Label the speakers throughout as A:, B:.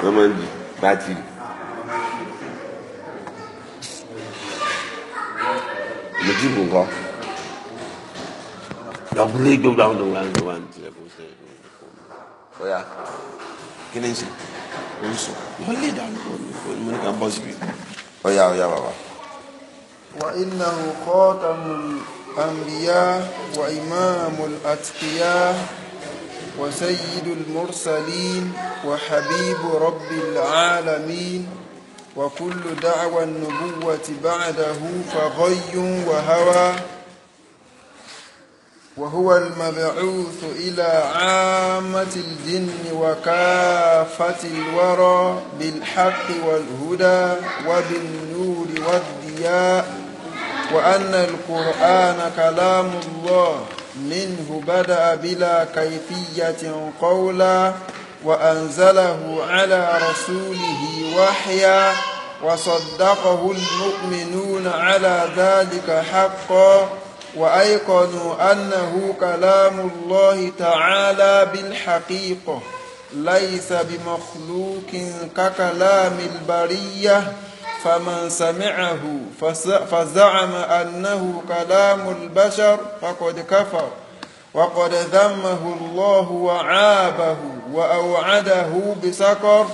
A: wọ́n máa ń di bátìrì. Mùjíbù kọ́. Lọ́kùnrin ìjọba àwọn ọ̀dọ́ wa ń lọ wá ní tilẹ̀ kó sẹ́yìn. Bóyá kí ni ń sè? Ó ń sùn. Wọ́n lè dànù kó ní mo ní ká bọ́ síbi. Ọ̀yá ọ̀yá bàbá.
B: Wà iná kọ́ tàmù àmbíyá wà وسيد المرسلين وحبيب رب العالمين وكل دعوى النبوة بعده فغي وهوى وهو المبعوث إلى عامة الجن وكافة الورى بالحق والهدى وبالنور والضياء وأن القرآن كلام الله منه بدأ بلا كيفية قولا وأنزله على رسوله وحيا وصدقه المؤمنون على ذلك حقا وأيقنوا أنه كلام الله تعالى بالحقيقة ليس بمخلوق ككلام البريه فمن سمعه فزعم أنه كلام البشر فقد كفر وقد ذمه الله وعابه وأوعده بسكر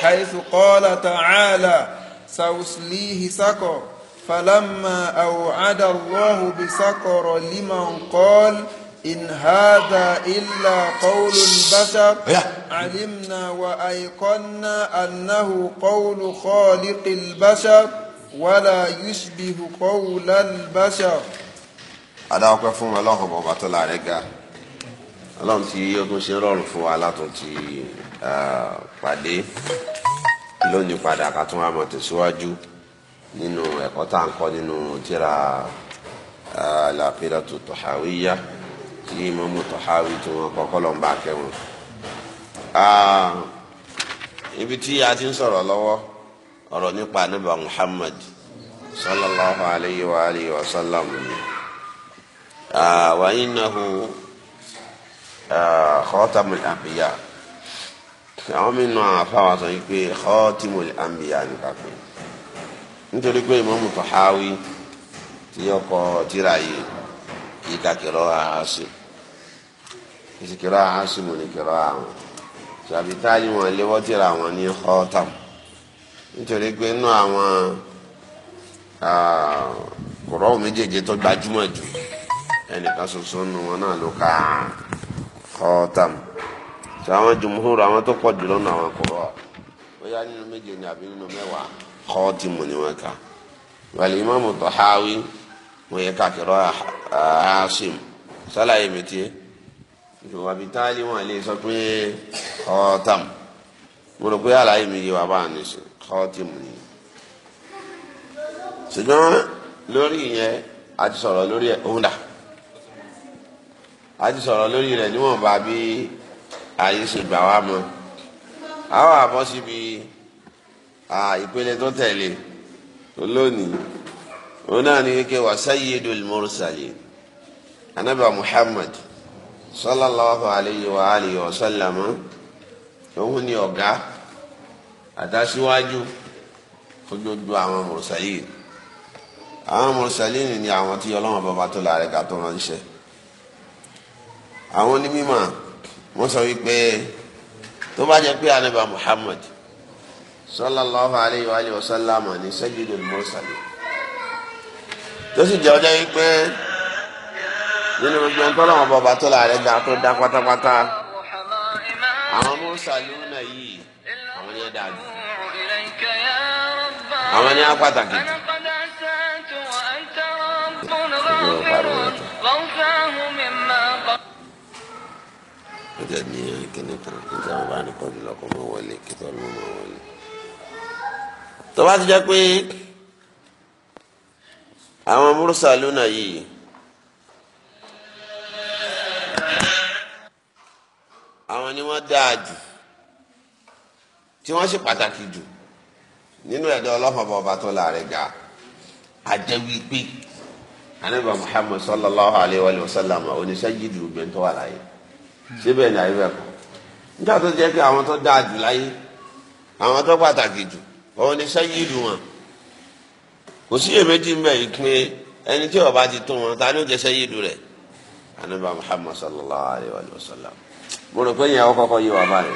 B: حيث قال تعالى سأسليه سكر فلما أوعد الله بسكر لمن قال إن هذا إلا قول البشر oh علمنا وأيقنا أنه قول خالق البشر ولا يشبه قول البشر
A: adáwọ́pẹ́ fún ọlọ́run ọba tó la ga ọlọ́run tí ó tún ṣe rọrùn fún wa látún ti pàdé lónìí padà ká tún tẹ̀síwájú nínú ẹ̀kọ́ tá à ń kọ́ nínú tírà al-Aqeedah at tí Imamu Tahawi tí wọ́n kọ́kọ́ lọ́n bá kẹ́ wọn. ibi tí a ti ń sọ̀rọ̀ lọ́wọ́ ọ̀rọ̀ nípa níbà Muhammad sallallahu alayhi wa alihi wa sallam wa innahu khatamul anbiya àwọn mìíràn àfáwà sọ yìí pé khatimul anbiya nìkan pé nítorí pé Imamu Tahawi tí ọkọ̀ tíra yìí yìí kàkìrọ̀ àásìkò. ìsìkìrọ̀ àásìmù nìkìrọ̀ àwọn ṣàbítáyì wọn sabi tìrà wọn ní khatam nítorí pé inú àwọn kọ̀rọ̀ méjèèjì tó gbajúmọ̀ jù ẹnìkan ṣoṣo nù wọn náà ló ka khatam ṣe àwọn jùmùhúrò àwọn tó pọ̀ jùlọ nù àwọn kọ̀rọ̀ bóyá nínú méje àbí nínú ni imáàmù yẹ Asim sálàyé mi ìṣòwò àbí táàlì wọn lè sọ pé kọ́tàm mo rò pé àlàyé mi yé wa bá àná ṣe kọ́tìm ni. ṣùgbọ́n lórí ìyẹn a ti sọ̀rọ̀ lórí ẹ̀ òun dà a ti sọ̀rọ̀ lórí rẹ̀ níwọ̀nba bí ààyè ṣe gbà wá mọ́ a wà bọ́ síbi ìpele tó tẹ̀lé lónìí òun náà ní kékeré wa sayyidul mursalin anabi muhammad sallallahu alayhi wa alihi wa sallam òun ni ọ̀gá àtàsíwájú fún gbogbo àwọn mùsàlíìn àwọn mùsàlíìn ni àwọn tí ọlọ́wọ́n bàbá tó la rẹ̀ ká tó ránṣẹ́ àwọn onímọ̀ wọ́n sọ wípé tó bá jẹ́ pé ànábì Muhammad sallallahu alayhi wa alihi wa sallam ní tó sì jẹ́ ọjọ́ wípé nínú gbogbo ń tọ́lọ̀ wọn bọ̀bà tó la rẹ̀ ga tó dá pátápátá àwọn mọ́sá lónà yìí àwọn ni ẹ dáa jù
B: àwọn ni á pàtàkì jù.
A: ọjà ní kíní kan níta wọn bá ní kọjú lọkọ mọ wọlé kíta ọlọmọ mọ wọlé. tó bá ti jẹ́ pé àwọn mọ́sá lónà yìí. àwọn ni wọ́n dáa jù tí wọ́n ṣe pàtàkì jù nínú ẹ̀dá ọlọ́mọba ọba tó la rẹ̀ ga àjẹ́ wípé anábà Muhammad sallallahu alayhi wa sallam oníṣẹ́jìdì obìnrin tó wà láyé síbẹ̀ ní ayé bẹ́ẹ̀ kọ́ nígbà tó jẹ́ pé àwọn tó dáa jù láyé àwọn tó pàtàkì jù oníṣẹ́jìdì wọn kò sí èméjì ń bẹ̀ yìí pé ẹni tí ó ti tó wọn ta ló jẹ́ sẹ́yìdì rẹ̀ anábà Muhammad sallallahu alayhi wa sallam. mo rò pé yẹn ó kọ́kọ́ yí wà báyìí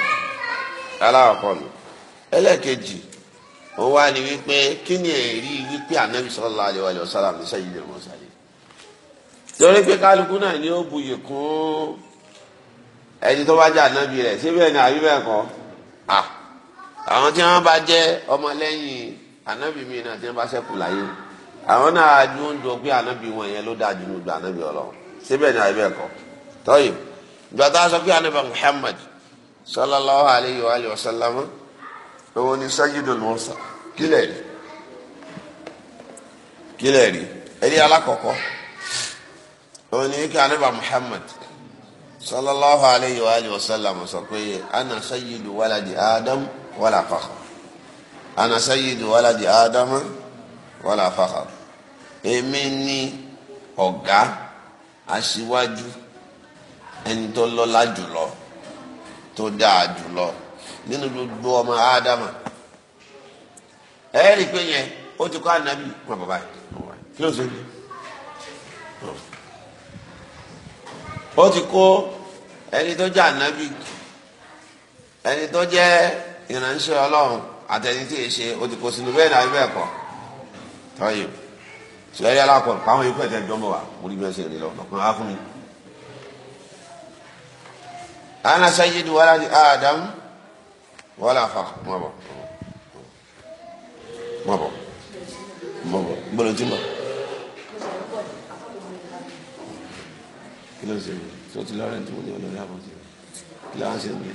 A: aláwọ̀kọ́ mi ẹlẹ́ẹ̀kejì ó wá ní wípé kí ni èrí wípé anabi sallallahu alaihi wa sallam sayyidil mursalin torí pé kálukú náà ni ó buyì kún anabi síbẹ̀ ni àbí bẹ́ẹ̀ kọ́ àwọn tí wọ́n bá jẹ́ ọmọlẹ́yìn anabi mi náà tí wọ́n bá ṣẹ́kù láyé àwọn náà dúró ń jọ anabi wọn yẹn ló dáa jù ní gbà anabi ọlọ́run síbẹ̀ ni àbí gbàtà sọ pé anaba Muhammad sallallahu alayhi wa alayhi wa sallam òun ni sajidul mursa kílẹ̀ rí kílẹ̀ rí ẹni alákọ̀ọ́kọ́ òun ni kí anaba Muhammad sallallahu alayhi wa alayhi wa sallam sọ pé ana sayidu waladi adam wala fakhr ana sayidu waladi adam wala fakhr èmi ni ọ̀gá aṣíwájú ẹni tó lọ́lá jùlọ tó dáa jùlọ nínú gbogbo ọmọ ádámà ẹ rí i pé yẹn ó ti kọ́ ànábì wọn bàbá yìí kí ló ṣe ní. ó ti kó ẹni tó jẹ́ ànábì ẹni tó jẹ́ ìránṣẹ́ ọlọ́run àtẹni tí èṣe ó ti kó sínú bẹ́ẹ̀ náà bẹ́ẹ̀ kọ́ tọ́yìn sọ eré alákọ̀ọ́ pàwọn ikú ẹ̀jẹ̀ jọmọ wa mo rí bí wọ́n ṣe rí lọ lọ́kùnrin á fún mi ana sayyidu waladi adam wala fa mo bọ mo bọ mo bọ gbọ́dọ̀ tí mo. kí ló ń ṣe mí tí wọ́n ti lọ́rẹ̀ tí wọ́n ní olórí àbọ̀tì kí ló ń ṣe mí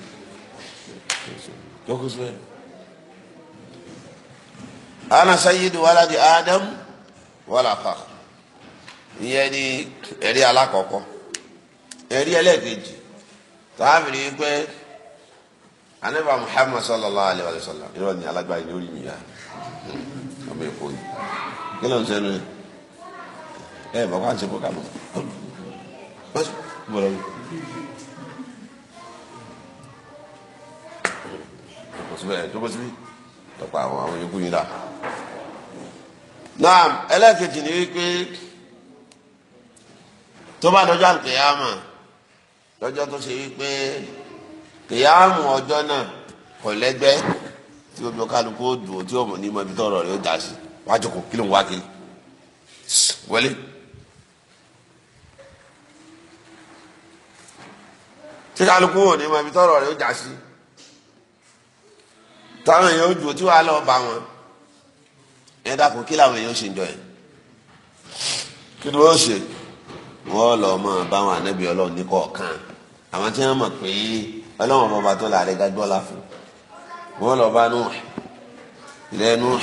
A: jókòó sóyè. ana sayyidu waladi adam wala fa ìyẹn ni ẹ̀rí alákọ̀ọ́kọ́ ẹ̀rí tàbí pé anaba Muhammad sallallahu alayhi wa sallam irọ́ ni alágbára ni ó rí mi yá ọmọ èkó ni kí ló ń sẹ́nu ẹ bàbá àti ẹ̀kọ́ kàmọ́ bọ́lá mi. jókòó síbí tọpa àwọn àwọn yòókù yìí la. naam ẹlẹ́kejì ni wípé tó bá dọjọ́ àǹkẹ́yàmọ̀ lọ́jọ́ tó ṣe wípé kìyàmù ọjọ́ náà kò lẹ́gbẹ́ tí omi kálukú ó dùn ó tí òmò ní mọbi tọrọ rẹ ó dà sí wájú kò kí ló ń wá kiri wọlé. tí kálukú ò ní mọbi tọrọ rẹ ó dà sí táwọn èèyàn ó dùn ó tí wàá lọ bá wọn ẹ dàpọ̀ kí làwọn èèyàn ó ṣe ń jọ yẹn kí ni wọ́n ṣe wọ́n lọ́ọ́ máa bá wọn ànábì ọlọ́run ní kọ̀ọ̀kan àwọn tí wọ́n mọ̀ pé ọlọ́wọ́n bọba tó la àrẹ́gá gbọ́lá fún wọ́n lọ bá Nuh ilẹ̀ Nuh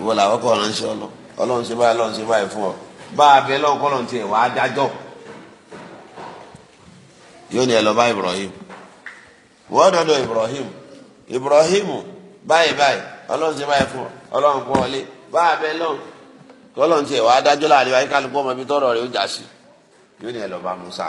A: ìwọ làwọn kọ̀ ránṣẹ́ ọlọ ọlọ́run ṣe báyìí ọlọ́run ṣe báyìí fún ọ bá a bẹ lọ́wọ́ kọ́lọ́n tiẹ̀ wàá dájọ́ yóò ní ẹ lọ bá Ibrahim wọ́n dọ́dọ̀ Ibrahim Ibrahim báyìí báyìí ọlọ́run ṣe báyìí fún ọ ọlọ́run kọ́ ọlé bá a bẹ lọ́wọ́ kọ́lọ́n tiẹ̀ wàá dájọ́ láàrin wáyé kálukú ọmọ ibi tọ́rọ̀ rẹ̀ ó jà sí yóò ní ẹ lọ bá Musa.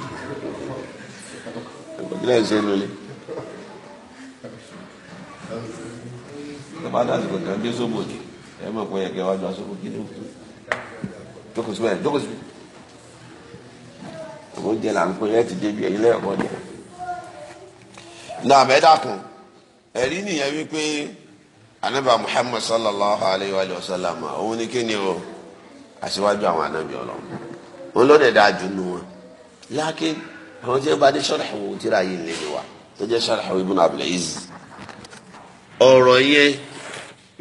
A: ilé ẹsẹ lórí tọ́ba dásìkò kan gbé sóbò jù ẹ mọ̀ pé ẹ̀kẹ́ wájú asóbò kí ni ó jókòó síbẹ̀ jókòó síbẹ̀ òun jẹ là ń pè ẹ ti débi ẹ̀yin anaba Muhammad sallallahu alayhi wa sallam òun ni o oh, àwọn anabi òun kò jẹ́ bá dé sọ́ràwù tíra yìí lè wa tó jẹ́ sọ́ràwù ibùn abdulaziz. ọ̀rọ̀ yẹn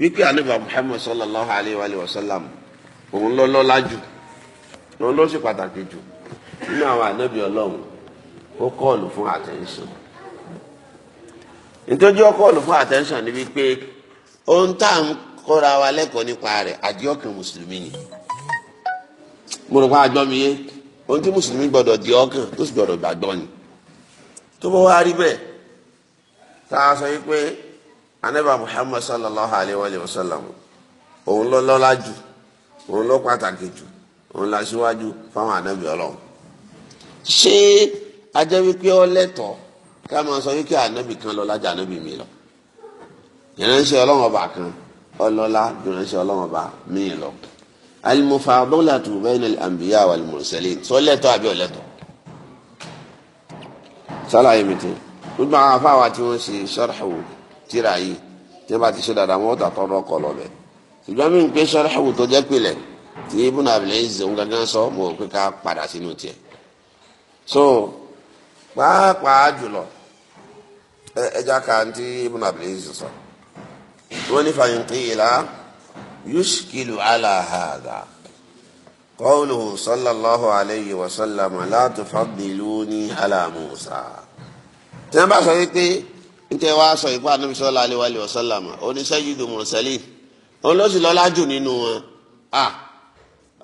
A: wípé ànábì muhammed sallallahu alayhi wa sallam òun ló lọ́lá jù òun ló sì pàtàkì jù nínú ó fún attention nítorí ó fún attention ni wípé ohun tá à ń kóra wa lẹ́kọ̀ọ́ nípa rẹ̀ àdìọ́kàn mùsùlùmí ni mo ohun tí mùsùlùmí gbọdọ̀ di ọkàn tó sì gbọdọ̀ gbàgbọ́ ni tó bá wá rí a sọ yìí pé anábà Muhammad sallallahu alayhi wa sallam òun ló lọ́lá jù òun ló pàtàkì jù òun la síwájú fáwọn anábì ọlọ́run ṣé ajẹ́ wípé ó ká sọ kan lọ́lá jù mi lọ kan ọlọ́lá ìránṣẹ́ ọba alimufadolatu bayna al-anbiya wal mursalin sọlẹtọ àbí ọlẹtọ sálàyé mi tẹ gbogbo àwọn afáwa tí wọn ṣe sọrọhù tíra yìí tí wọn bá ti ṣe dáadáa wọn ó tà tọrọ kọlọ bẹ ṣùgbọ́n mi ń pè sọrọhù tó jẹ́ pilẹ̀ tí ibùn abilẹ̀ ìzẹ̀wọ̀n gangan sọ mo pé ká padà sínú tiẹ̀ so pàápàá jùlọ ẹja kan tí ibùn abilẹ̀ ìzẹ̀ sọ wọn ní fàyín kí ìlà. يشكل على هذا قوله صلى الله عليه وسلم لا تفضلوني على موسى تنبع صديقي انت واسع يقوى النبي صلى الله عليه وآله وسلم وني سيد مرسلين ونلوسي لولا جنينو آه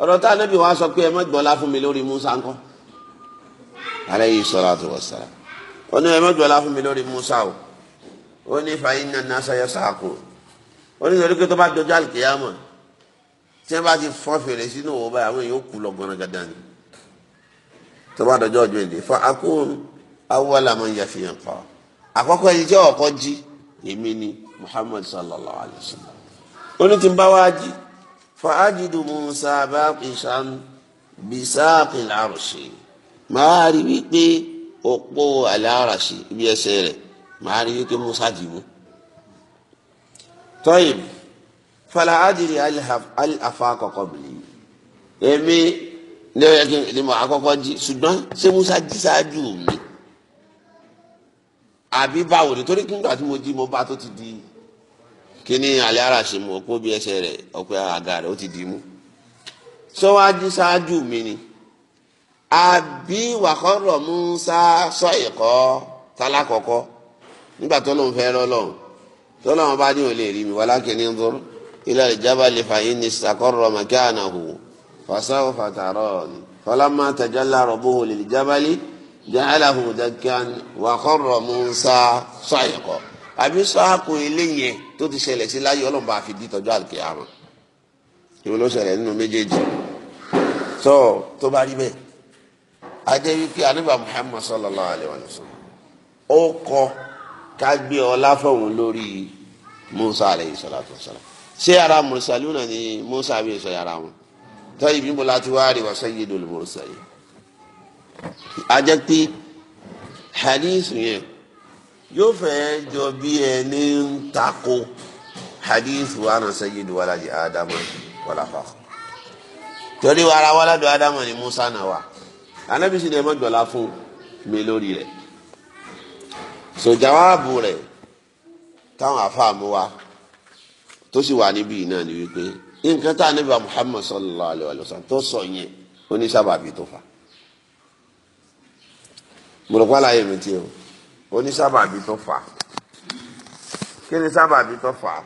A: ọ̀rọ̀ tá a nẹ́bí wa sọ pé ẹ má gbọ́lá fún mi lórí Musa ńkọ́ alayhi salatu wassalam ó ní ẹ má gbọ́lá fún mi lórí Musa o ó ní fa inna nasa yasaqun onítorí pé tó bá jọjọ àlùkìyàmọ tí wọn bá ti fọn fèrè sínú òwò báyìí àwọn èèyàn kú lọgbọnà gàdá ni tó bá dọjọ ọjọ èdè fún akóhùn awọlà máa ń yà fi hàn pa àkọ́kọ́ ẹni tí ọkọ jí èmi ni Muhammad sallallahu alayhi wa sallam oní tí ń bá wá jí fún ajidu musa bákìsàn bisáàkì lárùsì máa rí wípé òpó àlárasì ibi ẹsẹ̀ rẹ̀ máa rí wípé musa jì mú tọ́yìn fala adìrì alifa kọ̀kọ́ bìlì èmi ní ọ̀yẹ́ kí ni mo àkọ́kọ́ jí ṣùgbọ́n ṣé musa jí ṣáájú mi àbí báwo ni torí nígbà tí mo jí mo bá tó ti di kíní alẹ́ ara ṣe mu ọ̀pọ̀ bí ẹsẹ̀ rẹ̀ ọ̀pẹ́ àga rẹ̀ ó ti di mú sọ́wájú ṣáájú mi ni àbí wàkọ́rọ̀ musa sọ ìkọ́ tálákọ̀kọ́ nígbà tó lóun fẹ́ rọ́ lọ́hùn tọ́lá wọn bá ní o lè rí mi walakin inzur ila al-jabali fa in istaqarra makanahu fasawfa tarani falamma tajalla rabbuhu lil-jabali ja'alahu dakkan wa qarra Musa sa'iqa àbí sọ́àkù ilé yẹn tó ti ṣẹlẹ̀ sí láyé ọlọ́mọba àfi di tọ́jú àlùkìyámà ìwọ ló ṣẹlẹ̀ nínú méjèèjì tó tó bá rí bẹ́ẹ̀ adé wípé anábà Muhammad sallallahu alayhi wa sallam ó kọ́ ká gbé ọlá fọ̀hún lórí Musa alayhi salatu wa salam ṣé ara mùsàlùmí ni Musa bí sọ yàrá wọn tó ibi mo láti wá rí wa sayyidul mursalin a jẹ́ pé hadith yẹn yóò fẹ́ jọ bí ẹni ń takò hadith wa ana sayyidu waladi adama wala fakh torí wàrà wàládùn adama ni Musa náà wà anábìsí ni ẹ má jọlá fún mi lórí so jawaabu rẹ̀ táwọn afáàmù wa tó sì wà níbí náà ni wípé nǹkan tá a níbi wa Muhammad sallallahu alayhi wa sallam tó sọ yẹn ó ní sábàbí tó fà mùrùkọ́ láyé mi tí o ó ní sábàbí tó fà kí ni sábàbí tó fà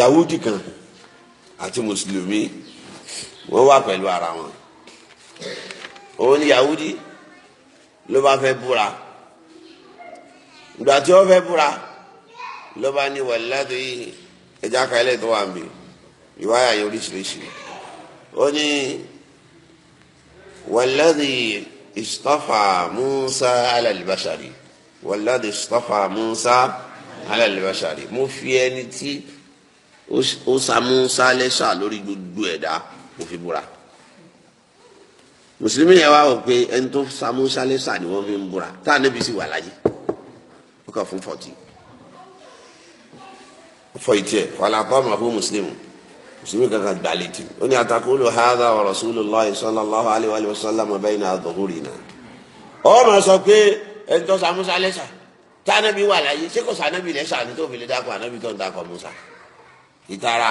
A: Yahudi kan àti mùsùlùmí wọ́n wà pẹ̀lú ara wọn òun ni Yahudi ló bá fẹ́ búra ìgbà tí ó fẹ́ búra ló bá ní wàlíláàdó yìí ẹja kalẹ̀ tó wà mí ìwáyà yẹn oríṣiríṣi ó ní wàlíláàdó yìí istafa Musa alalibasari wàlíláàdó istafa Musa alalibasari mo fi ẹni tí ó sa Musa lẹ́sà lórí gbogbo ẹ̀dá mo búra mùsùlùmí yẹn wá wò pé ẹni tó samúsálẹ sà ni wọn fi ń búra tá ànábì sì wà láyé ó kà fún fọtì fọyìtì ẹ wàlá àpamọ fún mùsùlùmí mùsùlùmí kankan gbà létí ó ní atakulu hadha wa rasulullahi sallallahu alayhi wa sallam bayna adhhurina ọ ma sọ pé ẹni tó samúsálẹ sà tá ànábì wà láyé ṣé kò sànábì lẹsà ni tó fi lè dákọ ànábì tó ń dákọ musa ìtara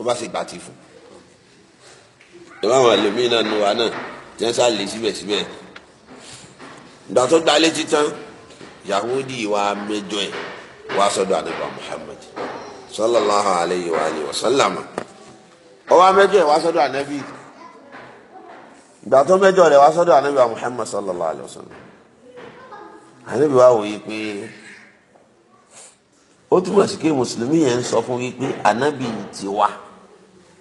A: ó bá sì gbà tì fún un ìwọ àwọn ẹlòmíín náà nu wa náà tí wọ́n sá lè síbẹ̀síbẹ̀ ìgbà tó gba létí tán Yahudi wa mẹ́jọ ẹ̀ wá sọ́dọ̀ àdìgbà Muhammad sallallahu alayhi wa alihi wa sallam ọwọ́ mẹ́jọ ẹ̀ wá sọ́dọ̀ ànábì ìgbà tó mẹ́jọ rẹ̀ wá sọ́dọ̀ ànábì wa Muhammad sallallahu alayhi wa sallam ànábì wa wòye pé ó túmọ̀ sí pé mùsùlùmí yẹn ń sọ fún wípé ànábì ti wá.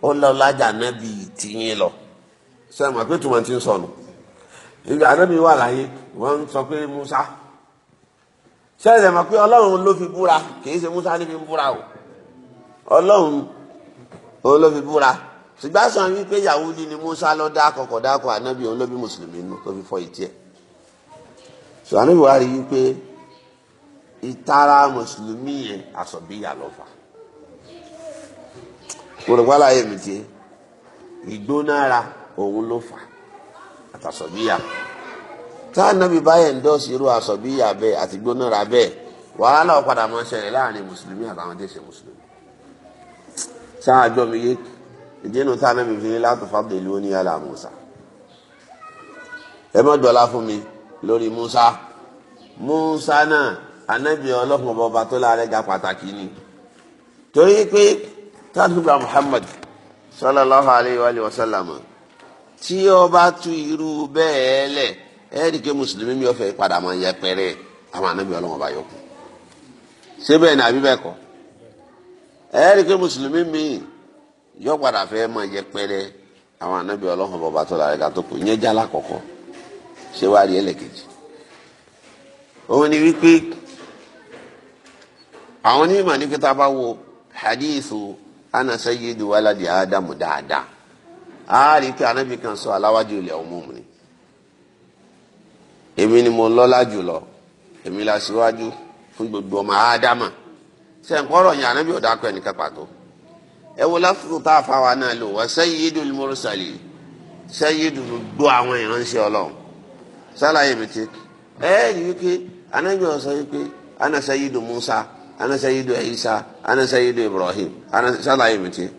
A: ó lọ́lájà nábì tìyín lọ sẹ́wọ̀n pé tùmọ̀ ti ń sọnù sọ Musa sẹ́wọ̀n ma pé ọlọ́run ló fi búra kìí Musa ní búra o ọlọ́run ló fi búra ṣùgbọ́n wípé Yahudi ni Musa lọ dá akọkọ̀ dá akọ ànábì òun ló bí mùsùlùmí nù tó fi fọ ìtì ẹ̀ sọ ànábì wà rí ìtara mùsùlùmí yẹn mo rò wálá yẹ mi tiẹ̀ ìgbónára òun ló fà àtàsọ̀bíyà tá a nàbí báyẹn ń dọ́sí irú àsọ̀bíyà bẹ́ẹ̀ àti gbónára bẹ́ẹ̀ wàhálà ọ̀padà máa ń ṣẹlẹ̀ láàrin mùsùlùmí àtàwọn tí ì ṣe mùsùlùmí sáà jọ mi yé ìdínú tá a nàbí fi ní látò fàdé ìlú Musa ẹ má dọ̀la fún mi lórí Musa Musa náà anábìyàn ọlọ́fun ọba tó láàrẹ́ ga pàtàkì ni torí pé. tàbí gba Muhammad sallallahu alayhi wa sallam tí o bá tu irú bẹ́ẹ̀ lẹ̀ ẹ̀ẹ́dì mùsùlùmí mi ò fẹ́ padà máa yẹ pẹ́rẹ́ àwọn anábì bá yọkù ṣé bẹ́ẹ̀ ni àbí bẹ́ẹ̀ mi yọ padà fẹ́ máa yẹ pẹ́rẹ́ àwọn anábì ọlọ́wọ́n bọ̀ bá tó lára ẹ̀ka tó kù ìyẹn jálá ṣé wàá rí ana sayyidu waladi adamu dáadáa a rí i pé anabi kan sọ aláwájú ilẹ̀ ọmọọmọ ni èmi ni mo lọ́lá jùlọ èmi la síwájú fún gbogbo ọmọ ádámà ṣe ń kọ́rọ̀ yẹn anabi ò dákọ̀ ẹnìkan pàtó ẹ wo láfùrù tá a fa wa náà lò wá sayyidul mursali sayyidu gbogbo àwọn ìránṣẹ́ ọlọ́run sálàyé mi ti ẹ ẹ rí i pé anabi ọ̀ sọ wípé ana sayyidu musa ana sayyidu isa ana sayyidu ibrahim ana sálàyé mi ti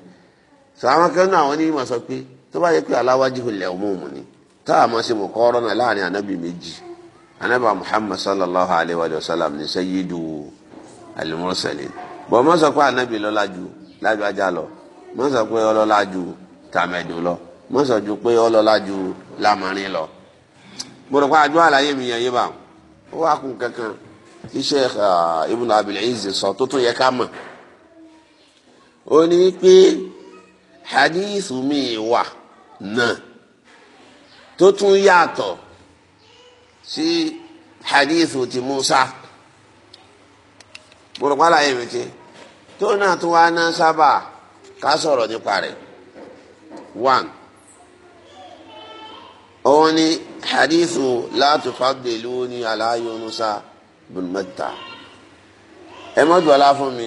A: sọ àwọn kan náà àwọn onímọ̀ sọ pé tó bá yẹ pé aláwájú ilẹ̀ òmùmù ni tá a máa ṣe mọ̀ kọ́rọ́ náà láàrin anábì méjì anábì muhammad sallallahu alayhi wa sallam ni sayyidu al-mursalin bọ́n mọ́ sọ pé anábì lọ́lá ju lágbájá lọ mọ́ sọ pé ọlọ́lá ju tàmẹ̀dù lọ mọ́ sọ ju pé ọlọ́lá ju lámarin lọ. mo rò pé àjọ àlàyé mi yẹn yé bá wọn ó wà kankan tí sheikh ah, ibn abiliz sọ tó tún yẹ ká mọ̀ ó ní pé hadith mi wà náà tó tún yàtọ̀ sí hadith ti musa mọ̀rọ̀pálá yẹn mi ti tó náà tó wá náà sábà ká sọ̀rọ̀ nípa rẹ̀ one òun ni hadithu la tufaddiluni ala yunusa bùnmẹ́ta ẹ má dọ̀lá fún mi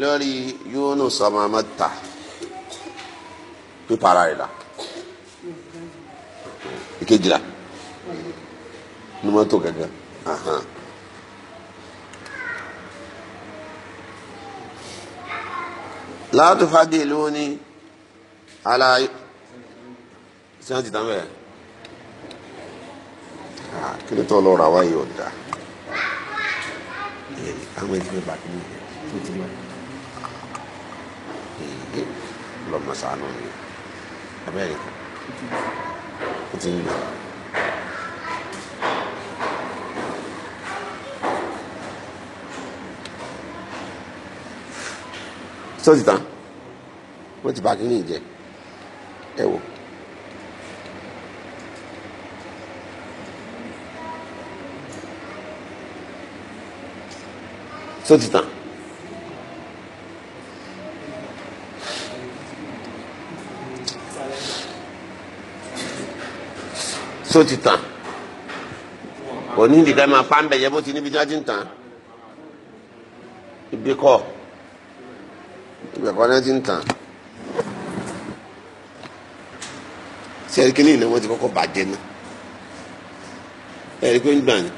A: lórí Yunus ọmọ Matta pípa ara rẹ̀ la ìkejìlá ní mọ́tò gẹ́gẹ́ láti fagi ìlú ala sẹ́ńtì tán bẹ́ẹ̀ ah, kí ni tó lọ́ọ́ ra wáyé ọ̀dà àwọn ẹni tí wọn bá kí nìyẹn tó ti mọ èyí lọmọ sànù mi abẹ́rẹ́ ó ti ń lọ. wọ́n ti bá kí nìyẹn jẹ ẹ wò. só ti tàn. só ti tàn òní ìdílé máa pa ń bẹ̀yẹ bó ti níbi tí wọ́n ti ń tàn ibi kọ́ ibẹ̀ kọ́ ni wọ́n ti ń tàn sẹ́ẹ̀kì ní ìnáwó ti kọ́kọ́ bàjẹ́ náà ẹ̀rí pé ń gbà ní.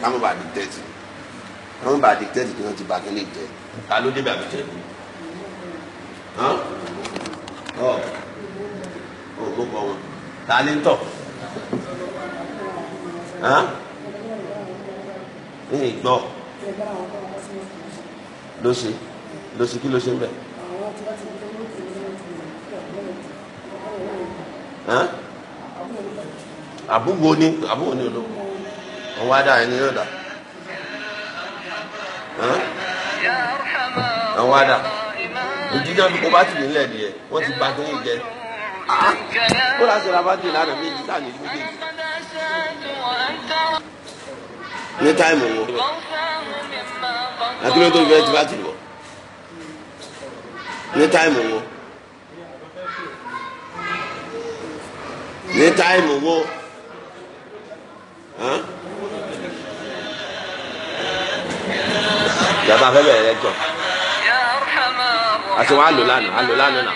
A: kámú bá dìtẹ́tì kámú bá dìtẹ́tì kí wọ́n ti bàgẹ́ lè jẹ́ ta ló dé bàbí jẹ́ ọ ò mú bọ wọn ta ni ń tọ̀ ní ìgbọ́ ló ṣe ló ṣe kí ló ṣe ń bẹ̀. àbúwo ni olóko òun wá dà ẹni yóò dà òun wá dà ìdíjọ́ bí kò bá ti nílẹ̀ nìyẹn wọ́n ti gba kéyìn jẹ ó láti ra bá ti lánàá méjì sáà ní méjì ní táìmù wo àti time ìfẹ́ ti time ti wọ̀ wo ní Huh? ìjọba afẹ́ bẹ̀rẹ̀ lẹ́jọ́
B: àti wọn á lò lánàá á lò lánàá nà.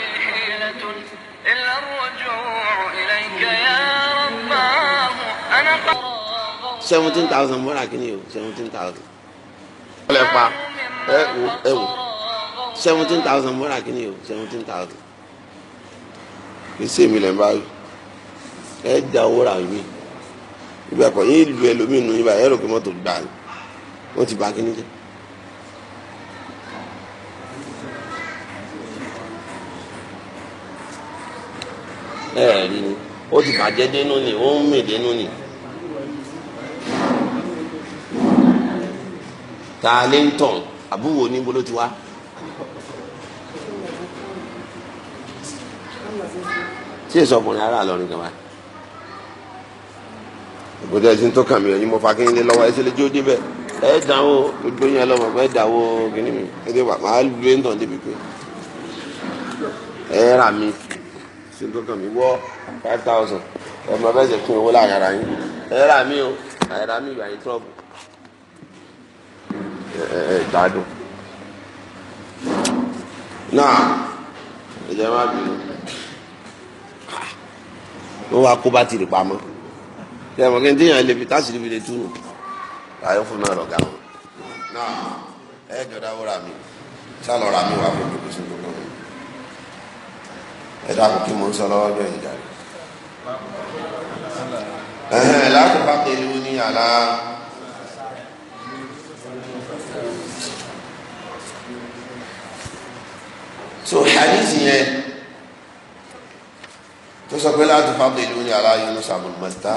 A: seventeen thousand mọ́ra kìíní o seventeen thousand. ọlẹ́ pa ẹ wò ẹ wò seventeen thousand mọ́ra kìíní o seventeen thousand. kì í sí èmi lẹ́ ń bá yìí ẹ jà owó rà mí ìgbà kan yín lu ẹlòmíì yín báyìí ẹ rò mọ́tò gbà ni wọ́n ti bá kìíní jẹ́. ẹ rí ni ó ti bàjẹ́ dénú ni ó ń mì dénú ni. ta ló ń tàn àbúwò ní bolo ti wá. tí èso ọkùnrin ara lọrin kan báyìí ìbòdì ẹ̀sìn tó kàn mí mo fa kí n lé lọ́wọ́ ẹ̀sìn lójú débẹ̀ ẹ̀ dánwó gbogbo yẹn lọ́mọ pé dánwó kìnnìmí ẹ̀ dé wà máa lu ẹ̀ ń tàn débi pé ẹ̀ rà mí sí lọ́kàn mi wọ́ five thousand ẹ̀mọ́ bẹ́ẹ̀ ṣe pín owó láàrin ara yín ẹ̀rà mi o ẹ̀rà mi ìwà yín trọ́bù ẹ̀ gbádùn. náà ìjẹ́ má bínú wọ́n wá kó bátìrì pamọ́ ṣé ẹ̀mọ́ kí n díyàn lè fi tásìrì fi lè túnú ayọ́ fún náà lọ́gàá wọn náà ẹ̀ jọ̀dá wọ́ra mi sálọ̀ ra mi wà fún mi kò sí gbogbo mi ẹ̀dá kò kí mo ń sọ lọ́wọ́ ọjọ́ ìjà rẹ̀. ẹ̀hẹ́n lákòókò pẹ̀lú ní àlá. so hadith yẹn tó sọ pé láti fáwọn ìlú ní àlá Yunus abdul masta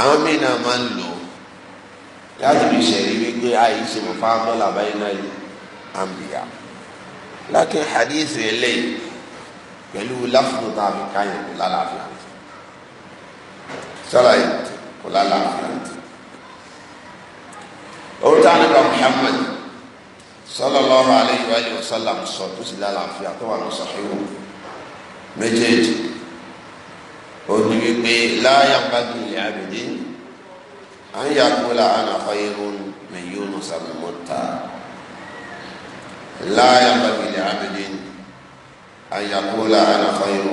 A: àwọn míì náà máa ń lò láti fi ṣẹ̀rí wípé àyè ṣe fáwọn bọ́lá báyìí náà àmì yàrá lákìn hadith eléyìí pẹ̀lú láfùdù tá a fi káyọ̀ kò lálàáfíà sọ́la yìí kò lálàáfíà orúkọ àníbà Muhammad sallallahu alayhi wa alihi wa sallam sọ tó sì lálàáfíà tó wà ní sàhíhù méjèèjì òní wípé láyà bàbí ilẹ̀ àbìdí à ń yàgò là ànà khayrun min Yunus àmì mọ́ta. لا ينبغي لعبد أن يقول أنا خير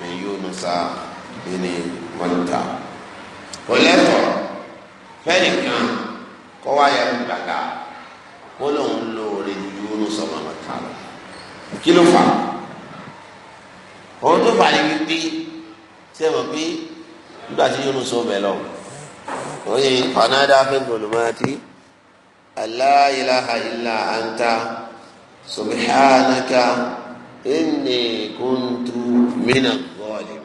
A: من يونس بن متى ولكن فنكان قوايا بكا قولهم لوري يونس بن متى kí ló fà òun tó fà ní wípé ṣé mo pé nígbà tí yónú sọ bẹ lọ òun yìí fanadá fẹ́ gbọ́dọ̀ máa ti. لا إله إلا أنت سبحانك إني كنت من الظالمين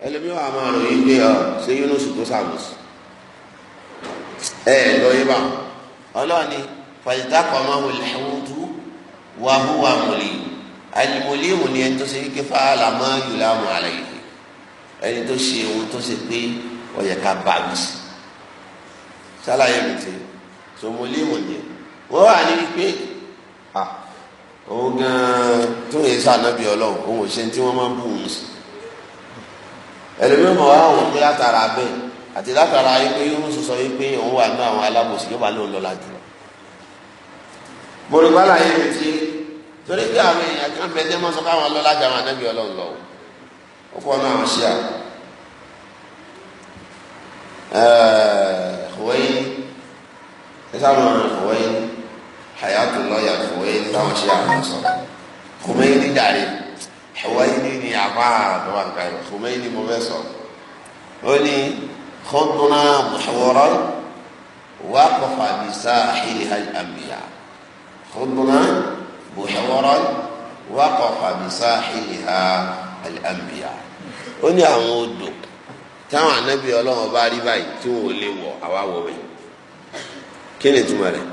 A: ẹlòmíì wà máa rò yín pé ọ ah, ṣé yunus tó sàmùsù ẹ lọ yé bá ọlọ́ọ̀ni fàyídàkọ̀mọ́ wòlíhàwùtú wà húwà mọ̀lì àlìmọ̀lìmù ni ẹni tó ṣe kíkẹ́ fàálà máa yù láàmú àlẹ́ yìí ẹni tó ṣe ohun tó ṣe pé ó yẹ sálàyé mi ti so mo lé mo yẹ wọ́n wà ní wípé à òun gan-an tó yẹ sànàbí ọlọ́run òun ò ṣe tí wọ́n máa ń bù ú sí
B: ẹlòmíràn wà àwọn pé
A: látara bẹ́ẹ̀ àti látara yìí pé yóò sọ yìí pé òun wà ní àwọn alábòsí yóò wà lóun lọ́la jùlọ. mo rí bá láyé mi tí torí pé àwọn èèyàn kan bẹ tẹ́ mọ́ káwọn lọ́la jà wọn ànábì ọlọ́run lọ́wọ́ ó pọ̀ náà wọ́n ṣe à. ẹ̀ẹ́d ẹ sábà máa fọwọ́ yín hayatu lọ́ọ̀yà fọwọ́ yín táwọn ṣe àwọn sọ̀rọ̀ kòmẹ́ yín ní dàrí fọwọ́ yín ní ní àbá àdọ́wà nǹkan yìí kòmẹ́ yín ní mo fẹ́ sọ̀rọ̀ ó ní kọ́ńtùnà mọ̀ṣọ́wọ́rọ́ wà kọfà bí sáàhìlì àbíyá kọ́ńtùnà mọ̀ṣọ́wọ́rọ́ wà kọfà bí sáàhìlì àbíyá ó ní àwọn odò táwọn anábìyàn ọlọ́wọ́ bá rí báyìí tí wọn ò lè wọ àwa wọ̀ bẹ́ẹ̀ kí ni ìtumọ̀ rẹ̀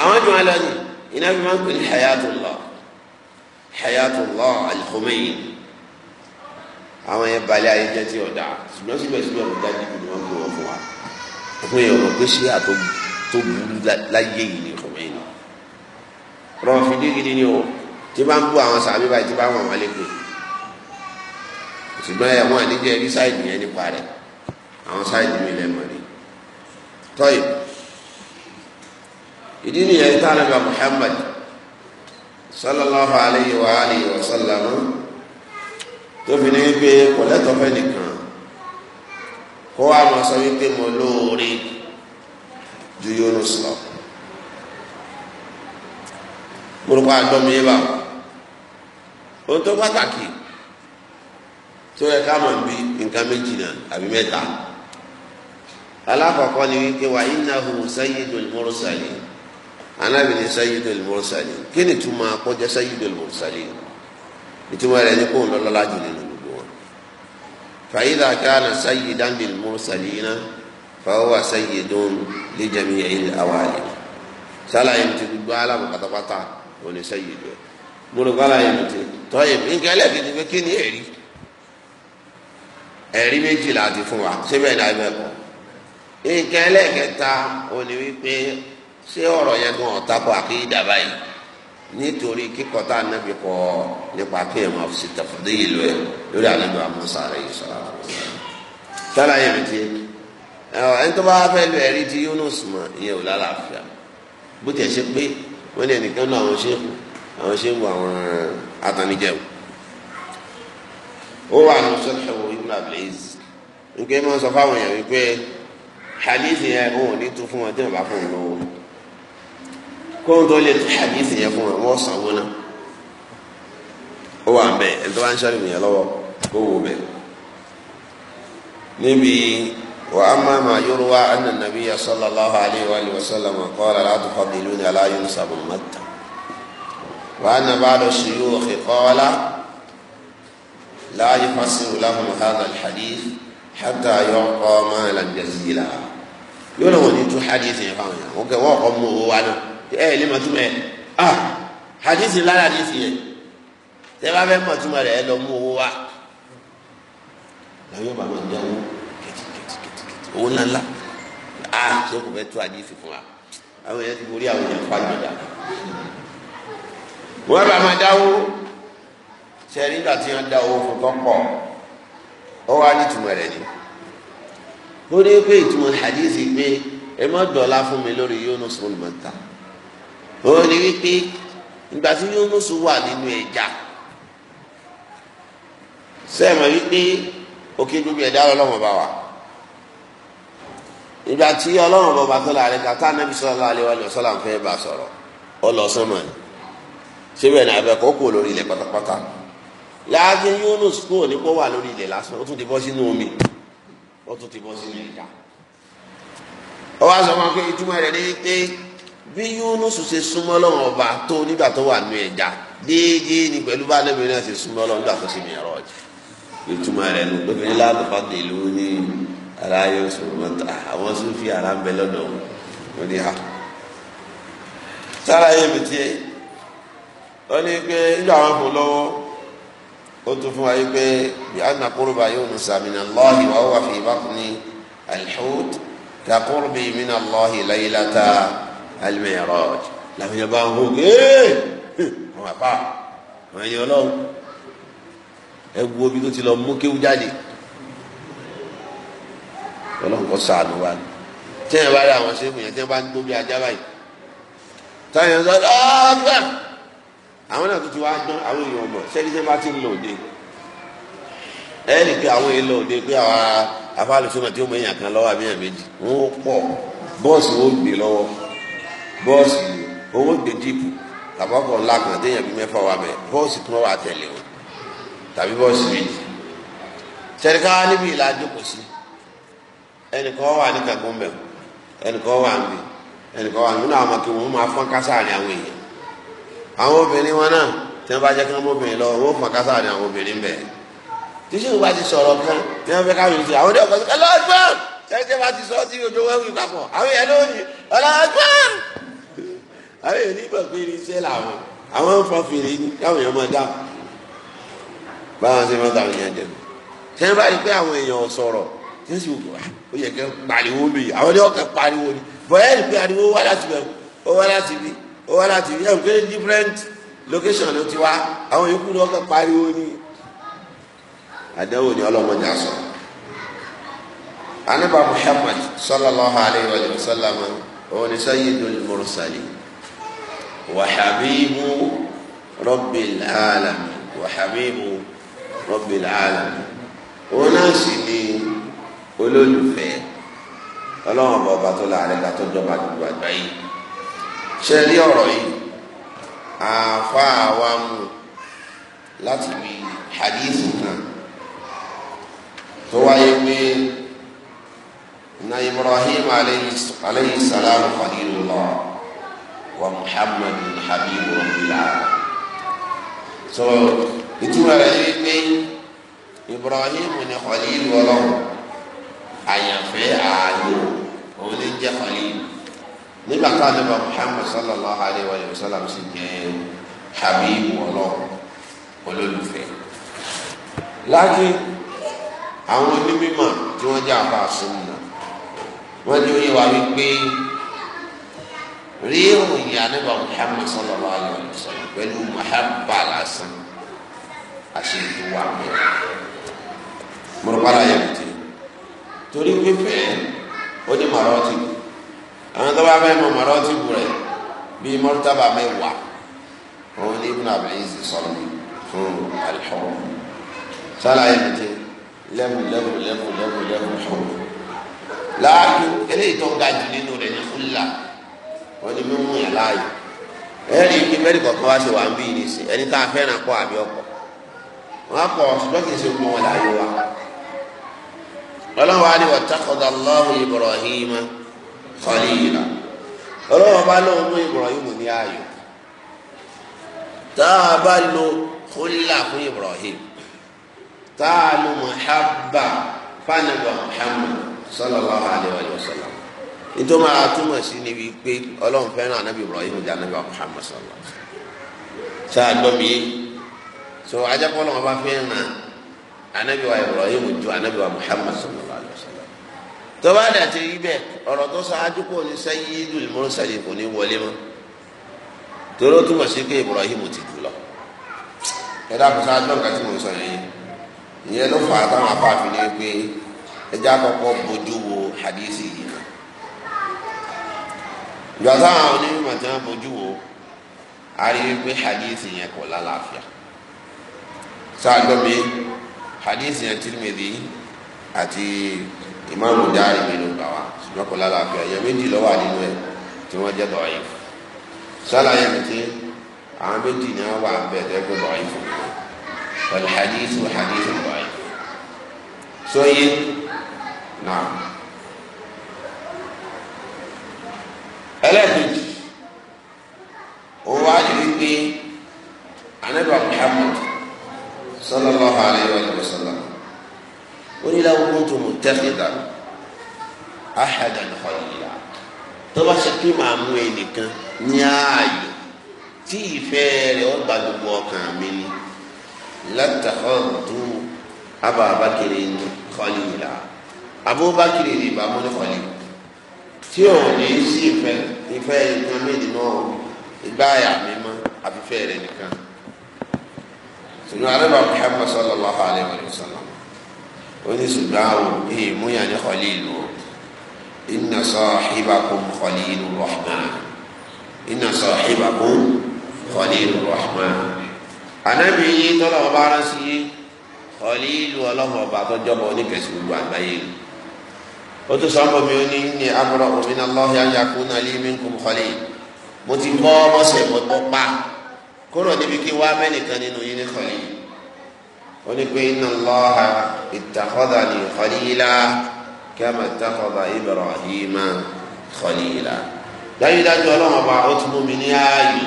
A: àwọn jùmọ̀ lọ ni iná fi máa ń pè ní hayatullah hayatullah al-Khomeini àwọn yẹn balẹ̀ ayé jẹ́ ti ọ̀dà ṣùgbọ́n síbẹ̀síbẹ̀ ọ̀dà dìbò ni wọ́n gbé wọn fún wa fún yẹn ọ̀rọ̀ pé ṣé àtọ́ tó burú láyé yìí ni Khomeini rọ̀fin dígidí ni o tí bá ń bú àwọn sàbí báyìí tí bá wọn wọn lè pè ṣùgbọ́n ẹ̀ wọ́n àdíjẹ́ rí sáìdì yẹn nípa rẹ̀ àwọn sáìdì mi lẹ́mọ̀ rí tọ́yìí ìdí nìyẹn tá a lè ba Muhammad sallallahu alayhi wa alihi wa sallam tó fi ní pé kọ̀lẹ́tọ̀fẹ́ nìkan kó wa máa sọ wípé mo lóore ju Yunus lọ gbogbo àdọ́mi yé bá ohun tó pàtàkì tó yẹ ká máa bí nǹkan méjì náà àbí mẹ́ta alákọ̀ọ́kọ́ ni wípé wa innahu sayyidul mursalin anabi ni sayyidul mursalin kí ni túmọ̀ akọ́jẹ́ sayyidul mursalin ìtumọ̀ rẹ̀ ni kò ń lọ́lọ́lá jù nínú gbogbo wọn. fàyídà kana sayyidan lil mursalina fàwọ́wà sayyidun li jami'il awalin sálàyé ti gbogbo alábò pátápátá òní sayyidu ẹ̀ múlùkọ́ aláyé mi ti tọ́yẹ̀ mi nǹkan ẹlẹ́gìdì pé kí ni ẹ̀rí ẹ̀rí méjì láti fún wa síbẹ̀ ní abẹ́kọ̀ nǹkan ẹlẹ́kẹta òní wípé ṣé ọ̀rọ̀ yẹn gan ọtakọ àkídà báyìí nítorí kíkọ tá ànábì kọ nípa kéèyàn máa fi ṣètàfọdé yìí lọ ẹ lórí ànábì amúnsá rẹ yìí sọ̀rọ̀ tọ́lá yẹn mi ti ẹni tó bá fẹ́ lu ẹ̀rí ti Yunus mọ ìyẹn ò lálàáfíà bó tiẹ̀ ṣe pé wọ́n ní ẹnìkan náà àwọn ṣéèkù àwọn ṣéèkù àwọn atanijẹ́wò ó wà ní sọ́kẹ́wò ibn abdulaziz nígbà yẹn máa sọ fáwọn èèyàn wípé hadith yẹn òun ò ní tún fún wọn tí wọn bá fún un lọ́wọ́ kó ń tó lè tún hadithi yẹn fún ẹ wọ́n sanwó náà ó wà ń bẹ ẹ̀ tó bá ń sọ̀rọ̀ ìyẹn lọ́wọ́ kó wò bẹ̀. níbi wa amma ma yurwa anna nabiyya sallallahu alayhi wa sallam qala la tufaddiluni ala yunusab matta wa anna ba'da shuyukh qala la yufassiru lahum hadha alhadith hatta yu'ta malan jazila yóò lọ wọn ní tún hadith yẹn fáwọn yẹn wọn kẹ mú owó wa náà ẹ ẹ lè mọ̀ túmọ̀ ẹ ah hadisi lára hadisi yẹn tẹ bá fẹ́ mọ̀ túmọ̀ rẹ ẹ lọ mú owó wá làwọn yóò bá wọn jẹ owó kẹtìkẹtìkẹtì owó ńlá ńlá ah ṣé kò fẹ́ tó hadisi fún wa àwọn yẹn ti borí àwọn yẹn fáwọn yẹn da bá máa dáwó sẹ́ni nígbà tí wọ́n dá owó fún tó pọ̀ ọ wá ní ìtumọ̀ rẹ̀ ni ó ní pé ìtumọ̀ hadisi pé ẹ má dọ̀la fún mi lórí Yunus olùmọ̀ta. ó ní wípé ìgbà tí Yunus wà nínú ẹja sẹ́ẹ̀mọ̀ wípé òkè gbogbo ẹ̀dá ọlọ́wọ́n bá wà ìgbà tí ọlọ́run bọba tó láàrin kàtá anábì sallallahu alaihi wa fẹ́ bá sọ̀rọ̀ ni síbẹ̀ ní abẹ́kọ̀ kò lórí ilẹ̀ pátápátá láàkín Yunus kú òní kó wà lórí ilẹ̀ lásán ó tún ti bọ́ sínú omi ó tún ti bọ́ sínú bí yúnúsù ṣe súnmọ́ lọ́wọ́n ọba tó nígbà tó wà nù ẹja déédéé ni pẹ̀lú bá anábìrin náà ṣe súnmọ́ lọ́wọ́ nígbà tó ṣe mìíràn ọjà ìtumọ̀ rẹ̀ nù lóbi ní láàbùfà dèlú ní aráyé sòròmọ́tà àwọn sófì ara ń bẹ lọ́dọ̀ wọn ní ha. sára yé mi tiẹ̀ ó ní pé nígbà wọn kò lọ́wọ́ ó tún fún wa yí pé bí anna kúrúba yóò nù sàmìnà lọ́ọ̀hì wà wà fi ìbákùnrin alḥud kakúrúbi mìnà lọ́ọ̀hì al-Mi'raj làwọn yẹn bá ń hó ee wọn àpá àwọn ẹni Ọlọ́run ẹ wo bí tó ti lọ mú kéwú jáde Ọlọ́run kọ sàánú wa ni tẹ́yìn bá rí àwọn sẹ́fù yẹn tẹ́yìn bá ń gbó bí ajá báyìí táyà ń sọ ọ́ọ́gbà àwọn náà tó ti wá dán àwọn èèyàn mọ̀ sẹ́ni bá ti ń lọ òde ẹ rí pé àwọn èèyàn lọ òde pé àwa afáàlùsọ́nà tí ó mọ èèyàn kan lọ́wọ́ àbí méjì wọ́n pọ̀ bọ́ọ̀sì wọn gbé lọ́wọ́. bọ́ọ̀sì owó gbé jíìpù tàbọ̀kọ̀ lágùn téèyàn bí mẹ́fà wà bẹ̀ bọ́ọ̀sì kan wà tẹ̀lé o tàbí bọ́ọ̀sì méjì sẹ́ríkà níbi ìlà jókòó sí ẹnìkan wà ní kàgbọ́n ẹnìkan wà níbi ẹnìkan wà nínú àwọn akéwì wọn máa fọ́n kásá ní àwọn èèyàn àwọn obìnrin wọn náà tí wọn bá jẹ́ kí wọn bóbìnrin lọ wọn fọ́n kásá ní àwọn obìnrin bẹ́ẹ̀ tíṣe ìwà ti sọ̀rọ̀ kan ní wọn àwọn ọdẹ ẹ ti sọ ọ́ sí ojú wọn wí àwọn èèyàn àwọn èèyàn nígbà pé irinṣẹ́ làwọn àwọn ń fa fèrè ní káwọn èèyàn máa dáhùn báwọn ṣe máa ta àwọn èèyàn jẹ nù ṣé ń báyìí pé àwọn èèyàn sọ̀rọ̀ tí wọ́n sì wò wá ah, ó yẹ kẹ́ pariwo lè àwọn ní ọkẹ́ pariwo ni bọ́yá ni pé ariwo wá láti bẹ̀rù ó wá láti bí ó wá láti bí ẹ̀ ń pé different location ló ti wá àwọn yòókù ní ọkẹ́ pariwo ni àdéhùn ni ọlọ́mọdé àṣọ anaba Muhammad sallallahu alayhi wa sallam òun ni sayyidul mursalin wàhábíbù rọ́bìl àlàmì wàhábíbù rọ́bìl àlàmì òun náà sì ni olólùfẹ́ ọlọ́run ọba ọba tó láàrin ká tó jọba gbogbo àgbáyé ṣe rí ọ̀rọ̀ yìí àáfàá wa mú láti bí hadíìsì kan tó wáyé pé na Ibrahim aleyhi salaam khalilullah wa muhammadu habibu rabbil so ìtumọ̀ rẹ̀ ni pé ibrahim ni khalil ọlọ́run àyànfẹ́ ààyò òun ni jẹ́ khalil nígbà tá a lè bá muhammad sallallahu alayhi wa sallam sì jẹ́ habibu ọlọ́run olólùfẹ́ láti àwọn onímọ̀ tí wọ́n jẹ́ àbá àsùnmù
B: wọ́n ti yé wa wípé
A: ríhùn yìí anábà Muhammad sallallahu alaihi wa sallam pẹ̀lú mahabba lásán àṣeyìí wà mí. mọ̀rọ̀bára yẹn ti torí pípẹ́ ó ní mọ̀rọ́tì àwọn tó bá fẹ́ mọ mọ̀rọ́tì bù rẹ̀ bíi mọ́tàbà mẹ́wàá òun ní ibùdó àbẹ̀yẹ́sì sọ̀rọ̀ fún alihọ́wọ́ sálàyé mi ti lẹ́mù lẹ́mù lẹ́mù lẹ́mù lẹ́mù họ́wọ́ láàbù eléyìí tó ga jù nínú rẹ̀ ní fúlà wọn ni mímú yàn láàyò ẹ̀rí kí mẹ́rìkọ̀ kan wá sí wa ń bí yìí nìsín ẹni tá a fẹ́ràn pọ̀ àbí ọkọ̀ wọn kọ̀ ṣùgbọ́n kì í ṣe gbọ́n wọn láàyò wa ọlọ́wọ́ á ní wàtàkọ̀dà lọ́hùn Ibrahim khalila ọlọ́wọ́ bá lóun mú Ibrahim ní ààyò tá a bá lo kólà fún Ibrahim tá a lo muhabba fanabu Muhammad sallallahu alayhi wa sallam nítorí máa túmọ̀ sí ni wípé ọlọ́run fẹ́ràn anábì Ibrahim jẹ́ anábì Muhammad sallallahu alaihi wasallam sáà gbọ́ mi yé so ajakọ́ ọlọ́run bá fẹ́ràn anabi wa ibrahim ju anabi wa muhammad sallallahu alaihi wa sallam tó bá dà ti rí bẹ́ẹ̀ ọ̀rọ̀ tó ṣáájú kò ní sayyidul mursalin kò ní wọlé mọ́ torí ó túmọ̀ sí pé ibrahim ti jù lọ ẹ dákun ṣáájú ọ̀gá tí mo sọ yẹn ìyẹn ló fà á táwọn afáàfin ní ìgbà táwọn onímọ̀ tí wọ́n bójú wo a rí wípé hadith yẹn kò lálàáfíà sáàgbọ́n mi hadith yẹn Tirmidhi àti ìmáàmù dárí mi ló gbà wá ṣùgbọ́n kò lálàáfíà yẹn méjì ló wà nínú ẹ̀ tí wọ́n jẹ́ dọ̀ọ́yì sálàyé mi ti àwọn méjì ni wọ́n wà bẹ́ẹ̀ tẹ́gbẹ́ dọ̀ọ́yì fún mi wal hadith wal hadith dọ̀ọ́yì sóyè náà. ẹlẹ́ẹ̀kejì ó wá rí i pé anábà Muhammad sallallahu alayhi wa sallam ó ní láwọn mọ́tò mọ́ tẹ́fẹ̀dà ahadan khalila tó bá ṣe kí màá mú ẹnìkan ní ààyè tí ìfẹ́ rẹ̀ ó gba gbogbo ọkàn mi ni látàkọ́ọ̀tù abàbákiri ní khalila abubakiri ní ìbámu ní khalila tí ò ní sí ìfẹ́ rẹ̀ ìfẹ́ nǹkan mí nínú ìgbáyà mímọ́ àfífẹ́ rẹ̀ nìkan ṣùgbọ́n alábà Muhammad sallallahu alayhi wa sallam oní ṣùgbọ́n àwọn èèmúyà ní khalilu o inna sahibakum khalilu rahman inna sahibakum khalilu rahman anabi yìí tọ́lọ̀ ọba aránsì yìí khalilu ọlọ́mọba tó jọba oníkẹsì gbogbo àgbáyé yìí ó tó sọ́nbọ̀ mi ó ní ní amúra òmìn aláhùn ayakú náà lé mi kò kọ́lé mo ti bọ́ mọ́sẹ̀ mọ́ pa kúrò níbi kí wá mẹ́nìkan nínú yín ní kọ́lé ó ní pé iná lọ́ha ìtàkọ́dà ní kọ́lé ilá kí a máa tàkọ́dà Ibrahima kọ́lé dájúdájú ọlọ́run ọba ó ti mú mi ní ààyè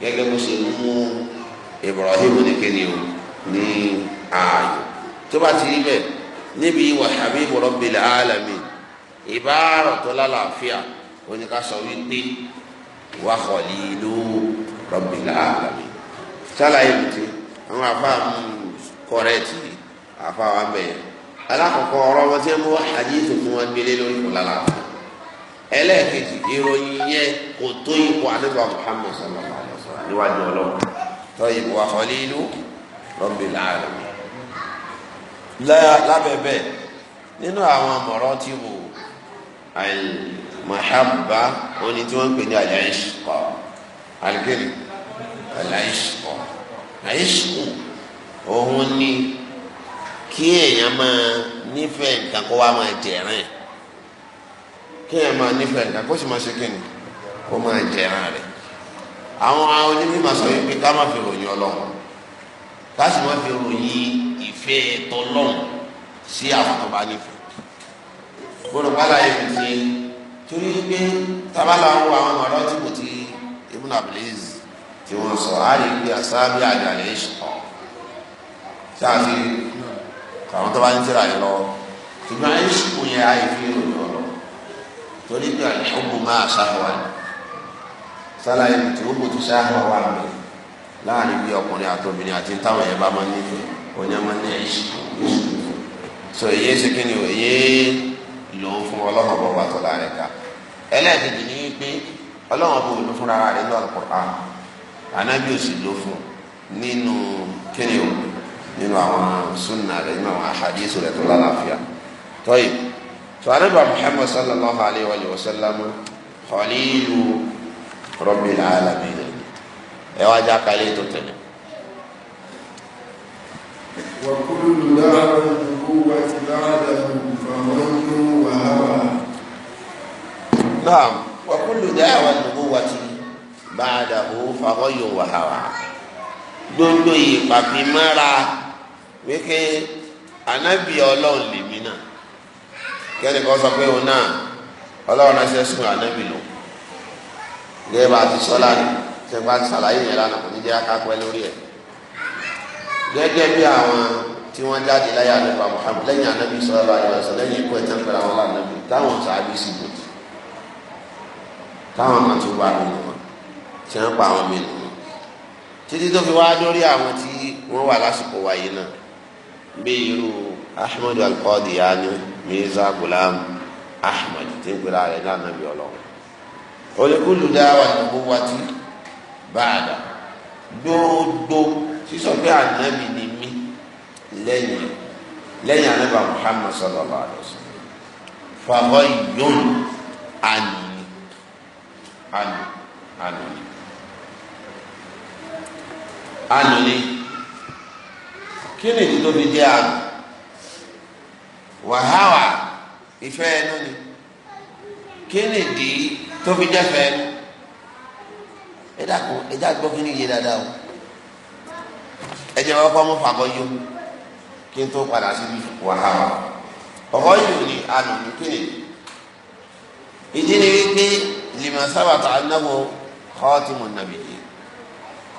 A: gẹ́gẹ́ bó ṣe mú Ibrahim nìkan ní o ní ààyè tó bá ti rí bẹ́ẹ̀ níbi wa habibu rabbil alamin ìbára tó lálàáfíà oníkàsọ wípé wa khalilu rabbil alamin sálàyé bìtì àwọn afá kọrẹ́tì afá wa bẹ̀yẹ alákọ̀ọ́kọ́ ọ̀rọ̀ wọn ti mú hadithu fún wọn gbélé lórí kò lálàáfíà ẹlẹ́ẹ̀kejì ìròyìn yẹn kò tó ipò àdúgbò Muhammad sallallahu alaihi wa sallam níwájú ọlọ́run tọ́yìn wa khalilu rabbil alamin lábẹ́bẹ́ nínú àwọn mọ̀rọ́ tí wò àìmọ̀hábà oní tí wọ́n ń pè ní àyàìṣkọ̀ àlùkèrè àyàìṣkọ̀ àyàìṣkọ̀ òun ni kí èèyàn máa nífẹ̀ẹ́ nǹkan kó wá máa jẹ̀rán kí èèyàn máa nífẹ̀ẹ́ nǹkan kó sì máa ṣe kíni kó máa jẹ̀rán rẹ̀ àwọn onímọ̀ sọ wípé ká má fi ròyìn ọlọ́run ká sì má fi ròyìn. ìfẹ́ tọlọ́n sí àwọn tó bá nífẹ̀ẹ́ gbọ́dọ̀ bá láyé mi nwa torí pé tábàlà ń ti àwọn ọ̀rọ̀ tí ti wọn abdulaziz tí wọ́n sọ á lè gbé asábíà àjàlẹ̀ ìṣọ̀ àwọn tó bá ń tẹ̀ra yìí lọ ṣùgbọ́n ìṣùkú yẹn fi ròyìn ọ̀rọ̀ torí pé máa sálàyé tí ó bò tó láàrin bí ọkùnrin àti táwọn yẹn bá máa ń nífẹ̀ẹ́. onyama ní ẹyí so èyí ṣe kí ni o èyí lò ó fún ọlọ́run ọba ọba tó láàrin ká ẹlẹ́ẹ̀kejì ni pé ọlọ́run ọba òdo fúnra rẹ̀ ló Al-Qur'an anábì òsì ló fún nínú kí o nínú àwọn sunna rẹ̀ nínú àwọn ahadith rẹ̀ tó lálàáfíà tọ́yì tó anábà sallallahu alayhi wa sallam khalilu rabbil alamin ẹ wá já tó tẹ̀lé.
B: وكل دار قوة بعده فمن وهوى نعم وكل دعوة قوة
A: بعده فغي وهوى gbogbo ìpàbí mọ́ra wípé anábì ọlọ́run lèmi náà kẹ́ni kan sọ pé òun náà ọlọ́run náà ṣe sùn anábì lò gẹ́gẹ́ bá a ti sọ́lá ní ṣẹ́gbà gẹ́gẹ́ bí àwọn tí wọ́n jáde láyé ànábì Muhammad lẹ́yìn ànábì lẹ́yìn ikú ẹ̀tàn pẹ̀lú àwọn ànábì táwọn sàábì sì bò táwọn kan ti wọn tí wọ́n pa àwọn wọn títí tó fi dórí àwọn tí wọ́n wà lásìkò wáyé náà bí irú Ahmadu al-Qadiani Mirza gulam tí ń pè olùkúlù dáwà ní gbogbo báàdà gbogbo. sísọ pé ànábì ni mí lẹ́yìn lẹ́yìn ànábà Muhammad sallallahu alayhi wa sallam fàbọ̀ yón ànìní ànì ànìní ànìní kí ni ìdí tó fi jẹ́ àná wàhálà ìfẹ́ ẹnu ni kí ni ìdí tó fi fẹ́ ẹ dàkún ẹ dàgbọ́ kí ni dáadáa o ẹ jẹ́ kọ́kọ́ mú fàkọ́ yó kí n tó padà síbi wàhálà ọkọ yìí ni alùpùpù kéde ìdí ni wípé lima sábàtà anáwó kọ́ọ̀tìmù nàbì yìí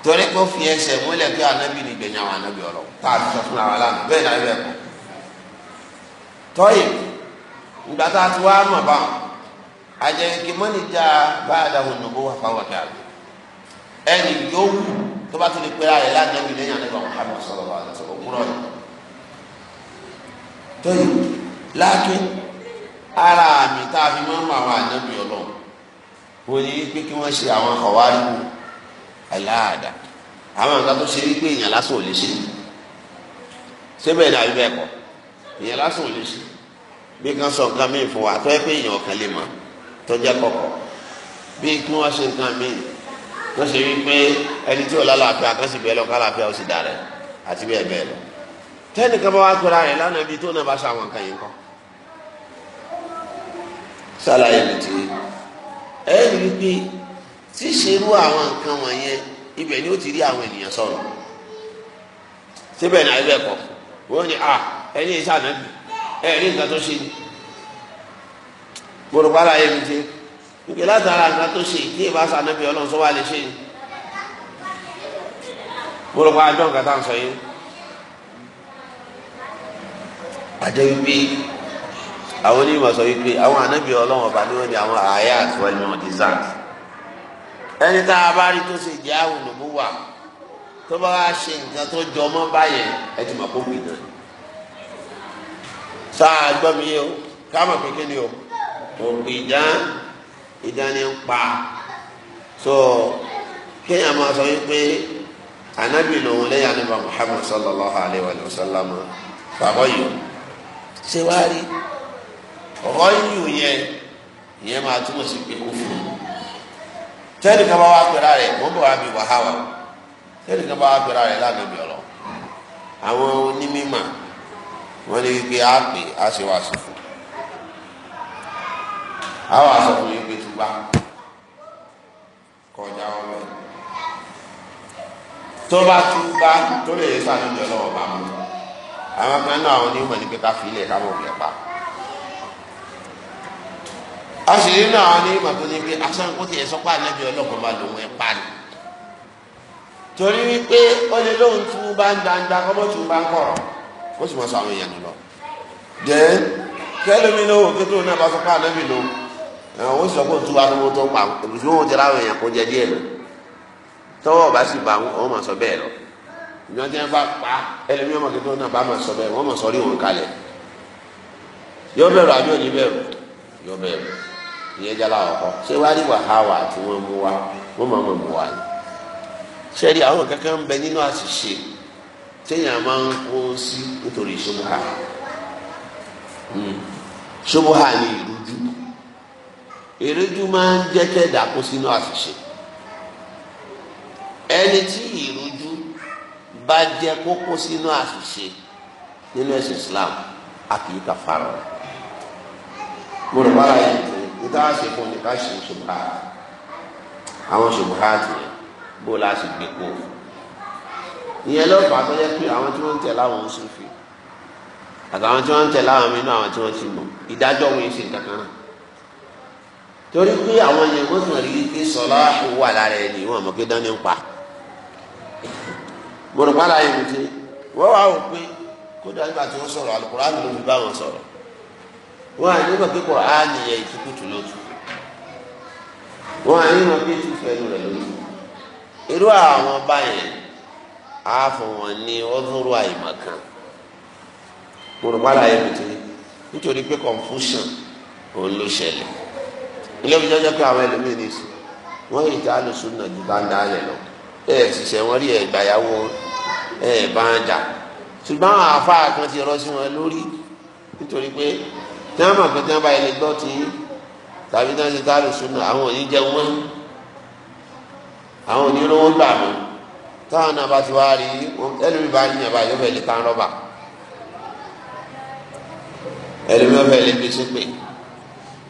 A: torí kó fi ẹsẹ̀ múlẹ̀ kí anábì ni gbẹ̀yìn àwọn anábì ọ̀rọ̀ tá a ti sọ fún àwọn aláàbò bẹ́ẹ̀ náà bẹ́ẹ̀ kọ́ tọ́yì ìgbà tá a ti wá mọ̀ báwọn àjẹkì mọ́nì já bá a dàwọn ònàbó wà fáwọn kí a ẹnì yóò wù tó bá tún lè pẹ́ ara lánàá Muhammad sallallahu alaihi wasallam ni. tóyì láàkì ara àmì tá a fi máa ń mọ àwọn ànábì ọlọ́run wọ́n ní pé kí wọ́n ṣe àwọn àwáríwò aláàdá àwọn nǹkan tó ṣe wípé èèyàn lásán ò lè ṣe síbẹ̀ ní àbí bẹ́ẹ̀ kọ́ èèyàn lásán ò lè ṣe bí kan sọ nǹkan míì fún wa tó yẹ pé èèyàn kan lè mọ̀ tó jẹ́ kọ̀kọ̀ bí kí wọ́n ṣe nǹkan míì tó ṣe wípé ẹni tí ò lálàáfíà kan sì bẹ́ẹ̀ lọ kálàáfíà ó sì dà rẹ̀ àti bẹ́ẹ̀ bẹ́ẹ̀ lọ tẹ́nìkan bá wá pẹ́ra rẹ̀ lánàá bíi tó náà bá ṣàwọn nǹkan yìí kọ́ ṣàlàyé mi ti ẹ rí i pé ṣíṣerú àwọn nǹkan wọ̀nyẹn ibẹ̀ ni ó ti rí àwọn ènìyàn sọ̀rọ̀ síbẹ̀ náà ibẹ̀ kọ̀ wọ́n ní à ẹni iṣẹ́ ànábì ẹ rí nǹkan tó ṣe ni gbọdọ̀ pàlàyé mi ti nígbà látara nǹkan tó ṣe ní ìbáṣà ànábì ọlọ́run sọ wá lè ṣe ni mo rò pé àjọ nǹkan tá à ń sọ yìí àjọ wípé àwọn onímọ̀ sọ wípé àwọn ànábì ọlọ́wọ̀n ọba ni wọ́n ní àwọn àyà àti wọ́n ní wọ́n design ẹni tá a bá rí tó ṣe jẹ́ àwọn ònàmú wà tó bá wá ṣe nǹkan tó jọ mọ́ báyẹn ẹ ti mọ̀ kó gbìn náà sáà gbọ́ mi o káàmọ̀ pé kí ni o ògbìn ìdán ìdán ni eh, oh, pa so kéèyàn máa sọ wípé anabi lòun lẹ́yìn anabi muhammad sallallahu alayhi wa sallam bàbá yìí ṣe wá rí ọ̀rọ̀ yìí yẹn ìyẹn máa túmọ̀ sí pé ó fún un tẹ́lẹ̀ kan bá wá pẹ̀lá rẹ̀ wọ́n bọ̀ wá bí wàhálà tẹ́lẹ̀ kan bá wá pẹ̀lá lánàá bí ọ̀rọ̀ àwọn onímọ̀ wọ́n ní wípé á pè á ṣe wá sí fún á wà sọ fún yín pé tó bá kọjá ọlọ́ tó bá tún bá tó lè sànú jọ lọ́wọ́ bá mú àwọn kan náà àwọn onímọ̀ ní pé ká fi ilẹ̀ káwọn òbí ẹ̀ pa a sì nínú àwọn onímọ̀ tó ní pé asán kó tiẹ̀ sọ́pá ànábì ọlọ́kọ̀ máa lòun ẹ̀ pa ni torí wípé ó lè lóhun tún bá ń gbangba kọ́mọ́ tún bá ń kọ̀rọ̀ ó sì mọ̀ sọ àwọn èèyàn lọ dẹ́n kẹlẹmi ní òkè tó náà bá sọ pé ànábì lò ó sì sọ pé òtún wa ni mo tó tọwọ́ ọba sì bá wọn máa sọ bẹ́ẹ̀ lọ ìjọ tí wọn bá pa ẹlẹmí ọmọ kékeré náà bá máa sọ bẹ́ẹ̀ wọn máa sọ rí òun kalẹ̀ yọ bẹ̀rù àbí òní bẹ̀rù yọ bẹ̀rù ìyẹn jala ọkọ ṣé wàá rí wàhálà tí wọn mú wa wọn máa mọ mú wa ni sẹ́ẹ̀dì àwọn kankan ń bẹ nínú àṣìṣe téèyàn máa ń kó sí nítorí ṣubuha hmm. ṣubuha ni ìrújú ìrújú máa ń jẹ́ kẹ́ẹ̀dá kó sínú àṣìṣe ẹni tí ìrújú bá jẹ kókó sínú àṣìṣe nínú ẹsẹ Islam a kì í kàfàrà mo rò bára yìí níta ṣe fún ní ká ṣe ṣubuhat àwọn ṣubuhat yẹn bó la ṣe gbé kó ìyẹn lọ́pàá àtọ́jẹ́ pé àwọn tí wọ́n ń tẹ̀ láwọn oṣù fi àtàwọn tí wọ́n ń tẹ̀ láwọn mi náà àwọn tí wọ́n ti mọ̀ ìdájọ́ wọn ṣe kankan náà torí pé àwọn yẹn wọ́n kàn rí i pé sọlá wà lára ẹni wọ́n mọ̀ pé dání ń pa gbọdọ̀pára yìí ti wọ́n wá wò pé kódà nígbà tí wọ́n sọ̀rọ̀ alukur'an ló fi bá wọn sọ̀rọ̀ wọ́n àyè nígbà pé kùránì yẹ ìtukùtù lótú wọ́n àyè nígbà pé ìtukùtù ẹnu rẹ̀ lótú irú àwọn báyẹn á fún wọn ní ọdúnrún àyèmọ̀ kan gbọdọ̀pára yìí ti nítorí pé confusion òun ilé ìjọba jẹ́ pé àwọn ẹlòmíín ní sùn wọ́n yìí tá a lè sùn náà ju bá ń dálẹ̀ lọ ẹ ṣiṣẹ́ wọn rí ẹ gbàyàwó ẹ bá ń jà ṣùgbọ́n àwọn àfáà kan ti rọ sí wọn lórí nítorí pé tí wọ́n mọ̀ pé tí wọ́n bá ilé gbọ́ ti tàbí tí wọ́n ti dárò sunu àwọn òní jẹun mọ́ àwọn òní lówó gbà mọ́ táwọn náà bá ti wá rí ẹlòmí bá yín ẹ̀bá yóò fẹ́ lè tán rọ́bà ẹlòmí yóò fẹ́ lè gbé sípè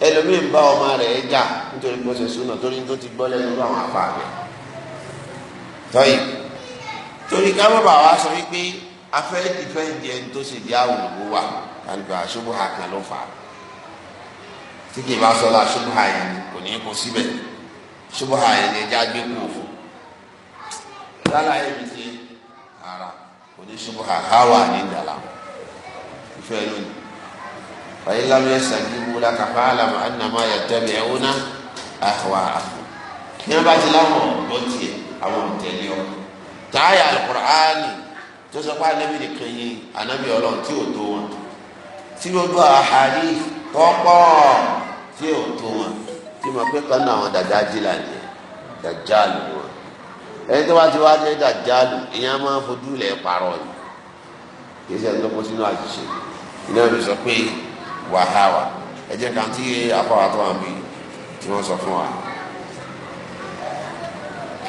A: ẹlòmí ń bá ọmọ rẹ̀ jà nítorí pé ó ṣe sunu torí tó ti gbọ́ lẹ́nu lọ́wọ́ àfáà rẹ̀ tọ́yì torí ká má bàa wá sọ wípé afẹ́ dìfẹ́ǹdì ẹni tó ṣe di àwọn òwò wa kálíbà ṣubú ha kan ló fà á tí kì í bá sọ la ṣubú ha yẹn kò ní kó síbẹ̀ ṣubú ha yẹn lè já gbé kú òfò lálẹ́ ayé mi ti ara kò ní ṣubú ha háwà ní ìdàlà ìfẹ́ lónìí fàyín lábẹ́ ṣàgbéwò lákàfà àlàmà ànàmà yàtọ̀ bẹ̀ẹ́ wọnà àhùwà àhùwà ní bá ti láwọn ọ̀gbọ́n àwọn olùtẹ̀lé ọ táyà alukur'ani tó sọ pé anabi nìkan yìí anabi ọlọ́run tí ò tó wọn tí gbogbo àhàlì tọ́pọ̀ tí ò tó wọn tí mo pé kan náà àwọn dàjáàjì là ní dàjáàlù wọn ẹni tó bá ti wá jẹ́ dàjáàlù ìyẹn máa ń fojú ilẹ̀ parọ́ ni kì í ṣe ẹni tó kó sínú àṣìṣe iná mi sọ pé wàhálà ẹ jẹ́ kàntí àfọwàtọ́ àmì tí wọ́n sọ fún wa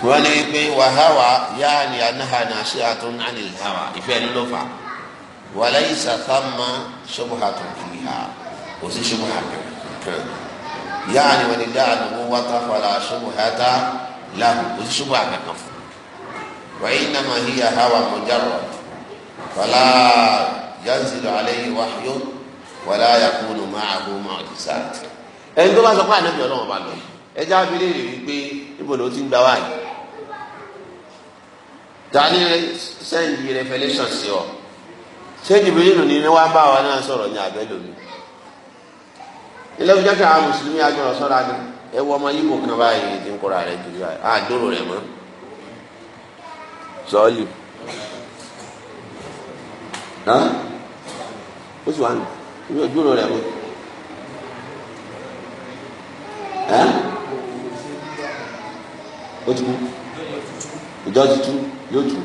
A: wọ́n ní pé wàháwà yáà ní anáhànà sí àtún àní ìhàwà ìfẹ́ ẹni ló fà á wàlẹ́ ìsàtàmà ṣubuha tó fi hà kò sí ṣubuha kan yáà ní wọ́n ní dáàbò wọ́n wáta fàlà ṣubuha tá láàbò kò sí ṣubuha kankan fún wàyí nàmà híyà hàwà mọ̀járọ̀ fàlà yanzilu alayhi wahyu wàlá yakunu ma'ahu mu'jizat ẹni tó bá sọ pé ànábì ọlọ́wọ́n bá lọ wípé níbo ló ti ń gba wáyé. tani sẹ́ndì revelation sí ọ ṣé jìbìrìlù ni wá bá wa náà sọ̀rọ̀ ní abẹ́lò mi ilé ìjọ mùsùlùmí agbọ̀rọ̀ sọ́ra ni ẹ wọ ọmọ yìí kò kan báyìí ti ń kóra rẹ̀ kiri báyìí àdúró rẹ̀ mọ́ ó sì mọ́ ó ti kú ìjọ ti tú. yóò tù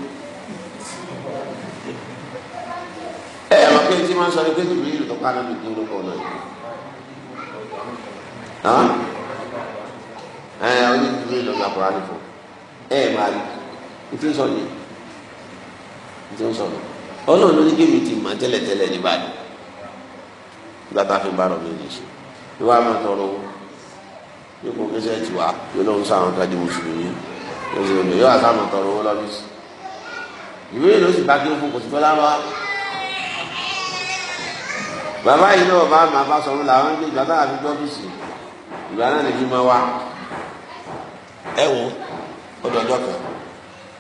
A: ẹ ẹ mọ pé tí wọn sọ ní pé tìbí yìí tó ká náà nìkan ló kọ náà ẹ ẹ ọ ní tìbí yìí ló ń lakọrọ àlè fún ẹ ẹ máa rí nítorí sọ yìí nítorí sọ yìí Ọlọ́run ló ní kéwì ti mọ tẹ́lẹ̀tẹ́lẹ̀ ní báyìí gbàtà fi bá rọ méjì ṣe ìwà máa tọrọ owó yóò kó kẹsẹ̀ tiwa yóò lóun sáwọn kájí mùsùlùmí yóò sì lè yóò àtàwọn tọrọ owó lọ́bí sí ìwé ìlú sì bá kí ó fún kò sí tó láwá bàbá yìí náà bá máa bá sọ̀rọ̀ làwọn ń gbé ìgbà táwọn àfi gbọ́bìsì ìgbà náà lè máa wá ẹ wò ọdọ kan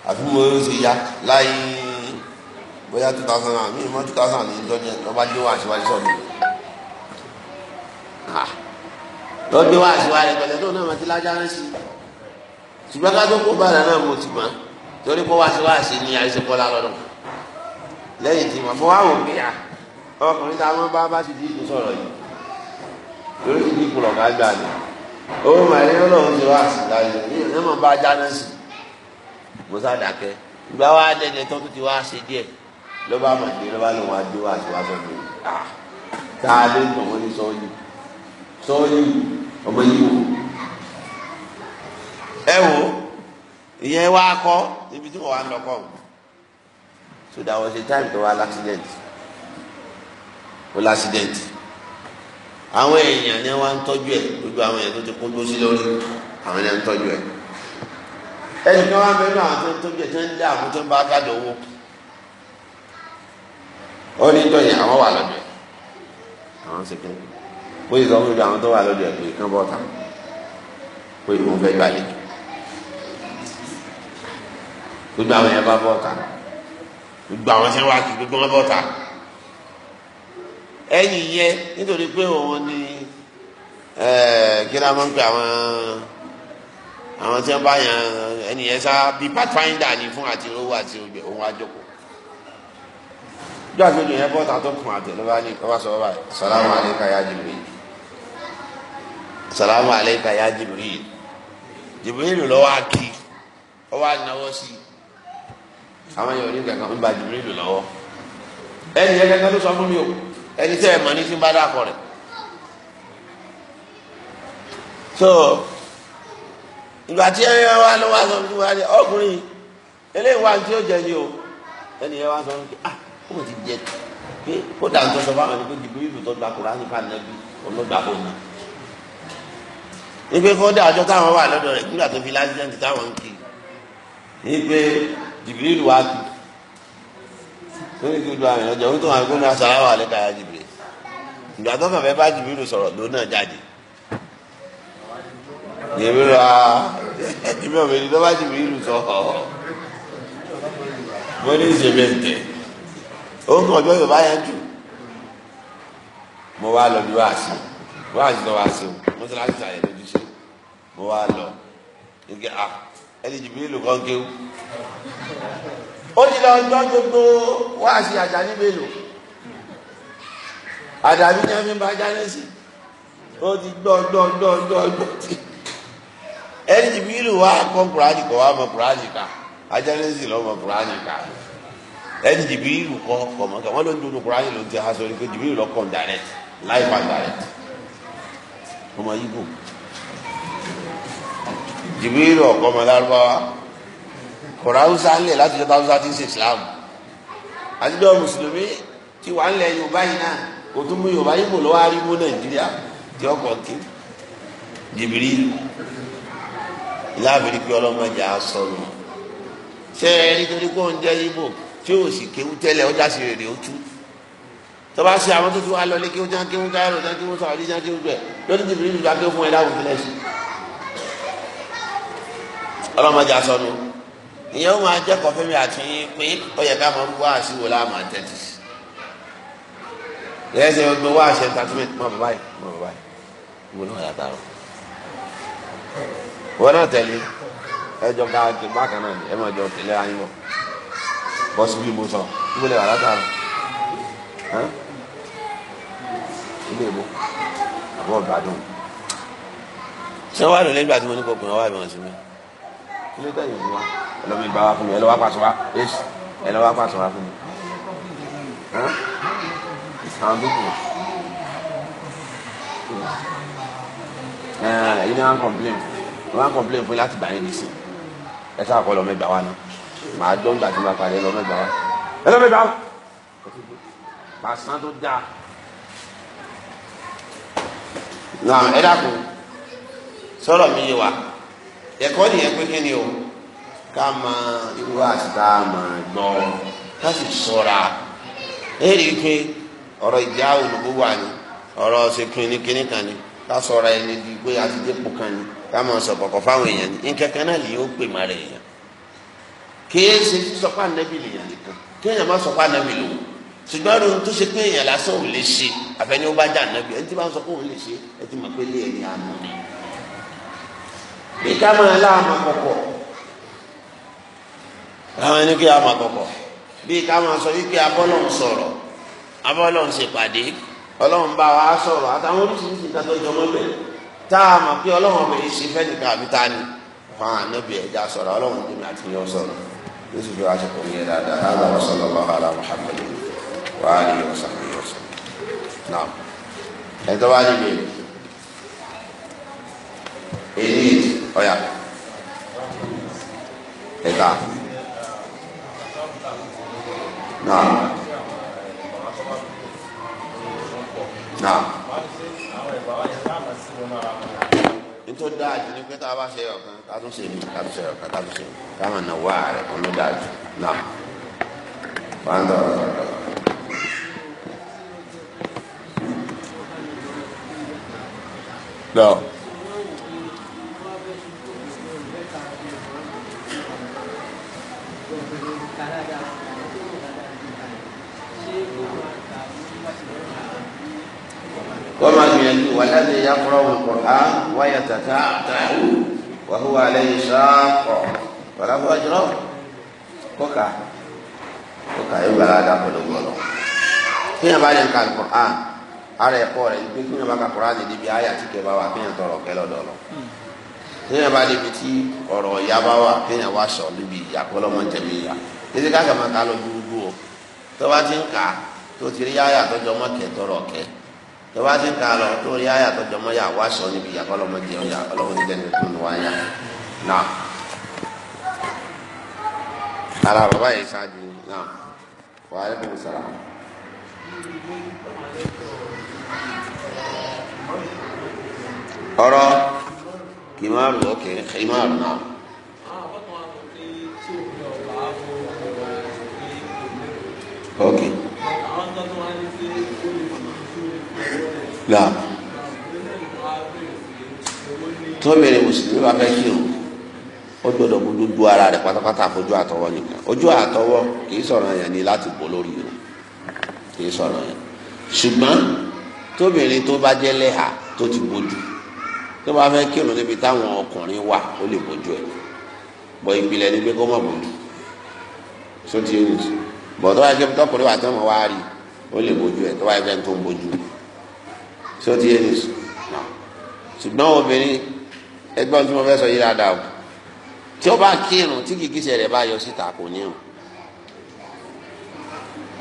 A: àfi mo ń ṣe ya láì bóyá two thousand and mi mọ two thousand and ìjọ ni ọba gbé wá àṣewájú sọ̀rọ̀ lọ gbé wá àṣewájú pẹ̀lú ẹjọ́ náà máa ti lájà rẹ sí ṣùgbọ́n ká tó kó bàrà náà mo ti máa torí kó wá sí wá sí ní àìsèkọ́lá lọ́dún lẹ́yìn tí mo wá wò pé à ah, ọkùnrin tá a máa bá bá ti dìkù sọ̀rọ̀ yìí lórí ti dìkù lọ́gà gbà ní owó màrí ọlọ́run ti wá sí láyé ní ìlú mọ̀ bá jáná sí mo sá dákẹ́ ìgbà wa dẹ́gẹ́ tó tún ti wá ṣe díẹ̀ ló bá mọ̀ pé ló bá lòun á dé wá sí wá sọ̀rọ̀ yìí ah, tá a lè tàn wọ́n ní sọ́ọ́yì sọ́ọ́yì ọmọ yìí wò ẹ wò ìyẹn wá kọ́ ibi tí mo wà ń lọ kọ́ o so that was the time to have accident. ó accident, àwọn èèyàn ni wọ́n ń tọ́jú ẹ̀ gbogbo àwọn èèyàn tó ti kó gbósí lórí àwọn èèyàn ń tọ́jú ẹ̀ ẹnìkan wà mẹ́nu àwọn tó ń tọ́jú ẹ̀ tó ń dá àwọn tó ń bá gàdọ̀ owó ó ní tọ́yìn àwọn wà lọ́dọ̀ ẹ̀ àwọn ṣe kí ni bó ṣe sọ fún mi àwọn tó wà lọ́dọ̀ ẹ̀ pé kán bọ́ta pé òun fẹ́ gbàlejò gbogbo àwọn yẹn bá bọ̀ ta gbogbo àwọn sẹ́wọ́n àti gbogbo wọn bọ̀ ta ẹ̀yìn yẹn nítorí pé òun ni kí ló máa ń pè àwọn àwọn tí wọn bá yàn ẹni yẹn sá bíi pathfinder ni fún àti owó àti òun àjọkọ gbàgbé lóyún ẹ bọ́ta tó kùn àtẹ ló bá ní ọba sọ ọba salamu aleyka ya Jibril salamu aleyka ya Jibril Jibril lọ́wọ́ akí ọwọ́ ànáwọ́ sí i àwọn yẹn oní kankan ń ba Jibrilu lọ́wọ́ ẹni yẹn kankan ló sọ fún mi o ẹni tẹ́ ẹ mọ̀ ní tí ń bá dàkọ so ìgbà tí ẹni yẹn wá ló wá sọ fún mi wá ọkùnrin eléyìí wá tí ó jẹ ní o ẹni yẹn wá sọ fún mi ah ó ti jẹ pé ó dà ń tọ́ sọ fún àwọn ẹni pé Jibrilu tó gba Kùránì fún Ànábì ọlọ́gbà fún mi ipe kọ́ dé àjọ táwọn wà lọ́dọ̀ rẹ̀ nígbà tó fi lásìlẹ́ǹtì táwọn ń kiri ipe jìbìrìlù wa kì ó ní kí ojú àwọn èèyàn jẹ orí tó wọn gbóná sàláwà alẹ́ káyà jìbìrì ìgbà tó kàn fẹ́ bá jìbìrìlù sọ̀rọ̀ ló náà jáde jìbìrìlù wa ìmọ̀ mi ló bá jìbìrìlù sọ mo ní ìṣèlú ẹ̀ǹtẹ̀ ó ń kàn ọjọ́ Yorùbá yẹn jù mo wá lọ bí wàásù wàásù lọ wàásù mo ti láti sàyẹ̀ lójúṣe mo wá lọ ike ah ẹni jìbìlù kan kéwù ó ti lọ gbọ́ gbogbo wáàsí àjàní mélòó àdàbí ní ẹni bá jáde sí ó ti gbọ́ gbọ́ gbọ́ gbọ́ gbọ́ tí ẹni jìbìlù wá kọ́ kùránì kọ́ wá mọ kùránì ká ajáde sí lọ́mọ kùránì ká ẹni jìbìlù kọ́ kọ́ mọ́ kẹ́ wọ́n ló ń dunu kùránì ló ti ha sórí pé jìbìlù lọ́kọ̀ direct live and direct ọmọ yìí gùn jìbìrì ọ̀kọ́ ọmọ lárúbáwá kò ráúsá ńlẹ̀ láti jọba ráúsá tí ń ṣe islam àtijọ́ mùsùlùmí tí wàá ńlẹ̀ yorùbá yìí náà kò tún mú yorùbá yìí mú lọ́wọ́ arígbó nàìjíríà tí ọkọ̀ kí jìbìrì láàbìrì pé ọlọ́mọdé á sọ̀rọ̀ ṣé ẹ nítorí kó ń jẹ́ ibo tí ò sì kéwú tẹ́lẹ̀ ọjà sì rèrè ó tú tọ́ba ṣe àwọn tó ti wá lọ lé kéwú já kéwú káyọ̀ já kéwú sàwádìí já kéwú bẹ̀ lọ́dún jìbìrì lù ọlọ́mọdé asọ́nu ìyẹn ó máa jẹ́kọ̀ọ́ fẹ́mi àtúnyí pé ó yẹ ká máa ń wá àṣìwò láàmú àtẹ́tì lẹ́yìn sẹ́yìn ọgbẹ́ wá àṣẹ entertainment mọ bàbá yìí mọ bàbá yìí ìwé náà náà tẹ̀lé bákan náà ni ẹ máa jọ tẹ̀lé bí mo sọ ilé ìbò àbọ̀ sọ tí mo ní kó sí mi. kí ló tẹ̀yìn fún wa ẹlọ́mi bá wa fún mi ẹlọ́wà pàṣẹ wa èsì ẹlọ́wà pàṣẹ wa fún mi. àwọn tó kù ẹ̀yin ni wọ́n complain wọ́n complain fún yín láti gbà yín ní sí ẹ sáà kọ́ lọ́mọ ẹgbàá wa náà màá jọ́ ń gbà tí mo parí ẹlọ́mọ ẹgbàá wa ẹlọ́mọ ẹgbàá wa pàṣán tó dáa náà ẹ dákun sọ̀rọ̀ mi yé wa ẹ̀kọ́ nìyẹn pé kí ni o ká máa irú àṣìta máa gbọ́ ká sì sọ̀ra ẹ rí i pé ọ̀rọ̀ ìjà olùkó wà ní ọ̀rọ̀ ṣe kínní kínní kan ni ká sọ̀ra ẹni di pé a ti dépò kan ni ká máa sọ kọ̀kọ̀ fáwọn èèyàn ní nkankan náà lè yóò pè má rẹ̀ èèyàn kìí ṣe sọpá nẹ́bì lèèyàn nìkan kí èèyàn má sọpá nẹ́bì lò ṣùgbọ́n ọdún tó ṣe pé èèyàn lásán ò lè ṣe àfẹ́ni ó bá jà nẹ́bì ẹni tí bá ń sọ pé òun lè ṣe ẹ ti mọ̀ pé lé ẹni àná ni. bí ká máa lá àmà kọ̀kọ̀ àwọn ẹni kí sọ wípé abọ́lọ̀ ń sọ̀rọ̀ abọ́lọ̀ ń ṣèpàdé ọlọ́run bá wa sọ̀rọ̀ àtàwọn oríṣiríṣi ìdájọ́ ìjọba bẹ̀rẹ̀ tá a mọ̀ pé ọlọ́run ọmọ yìí ṣe fẹ́ nìkan àbí ta ni fún ànábì ẹja sọ̀rọ̀ ọlọ́run ní àti yọ sọ̀rọ̀ fi kò ní ala eight oh, ọ̀yà ẹ̀ka náà náà. nítorí dáàjú ni pé tá a bá ṣe ọ̀kan ká tún ṣe mí ká tún ṣe ọ̀kan ká tún ṣe mí ká máa nà wá rẹ̀ kó ló dáàjú náà. Pàǹdà ọ̀rọ̀. No.
B: wọ́n máa ya kúrọ̀ wọn kọ̀
A: tata wáyà tàtà àtàwù wà hùwà lẹ́yìn sáàkọ̀ wàlá fún ọjọ́ kọ́kà kọ́kà yóò gbàlá dà pẹ̀lú gbọ́dọ̀ èsì ká kàmá ká lọ gbúgbú o tó bá ti ń kà á tó ti rí yáyà tọjọ mọ kẹ tọrọ kẹ tó bá ti ń kà á lọ tó rí yáyà tọjọ mọ yà wá sọ níbi yà kọlọmọ jẹun yà ọlọmọ níjẹ ní tó nù yà náà ara bàbá yìí ṣáájú náà wà á lẹ́kùn sara. ọ̀rọ̀ kìmáàrù ọ̀kẹ́ kìmáàrù náà. ok. là tóbìnrin mùsùlùmí bá fẹ́ kírun ó gbọ́dọ̀ kó dúdú ara rẹ̀ pátápátá fojú àtọwọ́ nìkan ojú àtọwọ́ kì í sọ̀rọ̀ yẹn ni láti bò lórí o kì í sọ̀rọ̀ yẹn ṣùgbọ́n tóbìnrin tó bá jẹ́ lẹ́hà tó ti bójú tó bá fẹ́ kírun níbi táwọn ọkùnrin wà ó lè bójú ẹ̀ bọ́ ìpìlẹ̀ ni pé kó má bójú sóti ẹ̀yìn tì í bọ̀dọ̀ wáyé kébí tọkùnrin wà tán mọ̀ wá rí ó lè bójú ẹ̀ tó wáyé fẹ́ tó ń bójú ṣé o ti yé ni ṣùgbọ́n obìnrin ẹgbẹ́ ohun tí mo fẹ́ sọ yìí dáadáa o tí ó bá kírun tí gìgísẹ̀ rẹ̀ bá yọ síta kò ní o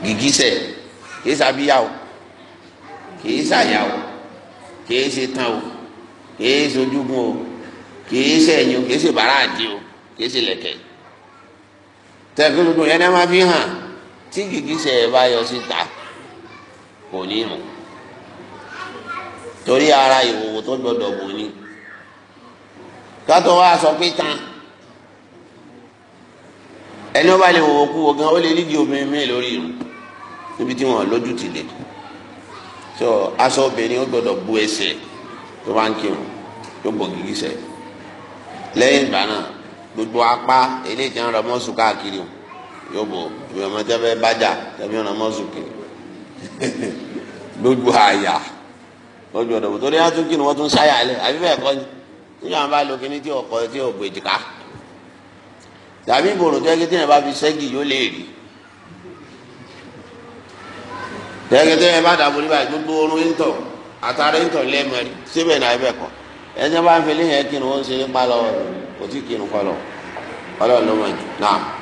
A: gìgísẹ̀ kì í sábíyá o kì o kì í ṣe tán o kì í sojúgun o kì í ṣe ẹ̀yìn o kì í ṣe bàrà àdí o kì í ṣe lẹ̀kẹ̀ tẹ̀gbẹ́ yẹn ní a máa fi hàn. tí gìgísẹ̀ ẹ̀ bá yọ síta kò ní mọ̀ torí ara ìwòwò tó gbọdọ bò ní kátó wá sọ ẹni ó bá lè gan ó lè rídìí obìnrin lórí irun níbi tí wọn lójú ti lè so obìnrin gbọdọ bu ẹsẹ̀ tó náà gbogbo káàkiri yóò ìwọ̀mọ̀tẹ́fẹ́ bájà tẹ̀mí ọ̀nà mọ́sùkì lójú àyà lójú ọ̀dọ̀bọ̀ torí àtúnkì ni wọ́n tún sáyà lẹ̀ àbí bẹ́ẹ̀ kọ́ ni nígbà bá lo kíní tí ọkọ tí ò tàbí ìbòrò bá fi ṣẹ́gi yóò lè rí tẹ́yìn tẹ́yìn bá dàbò níbà gbogbo orun intọ àtàrí intọ lẹ́mẹ̀rí síbẹ̀ náà ibẹ̀ kọ́ ẹni bá ń fi léyìn ń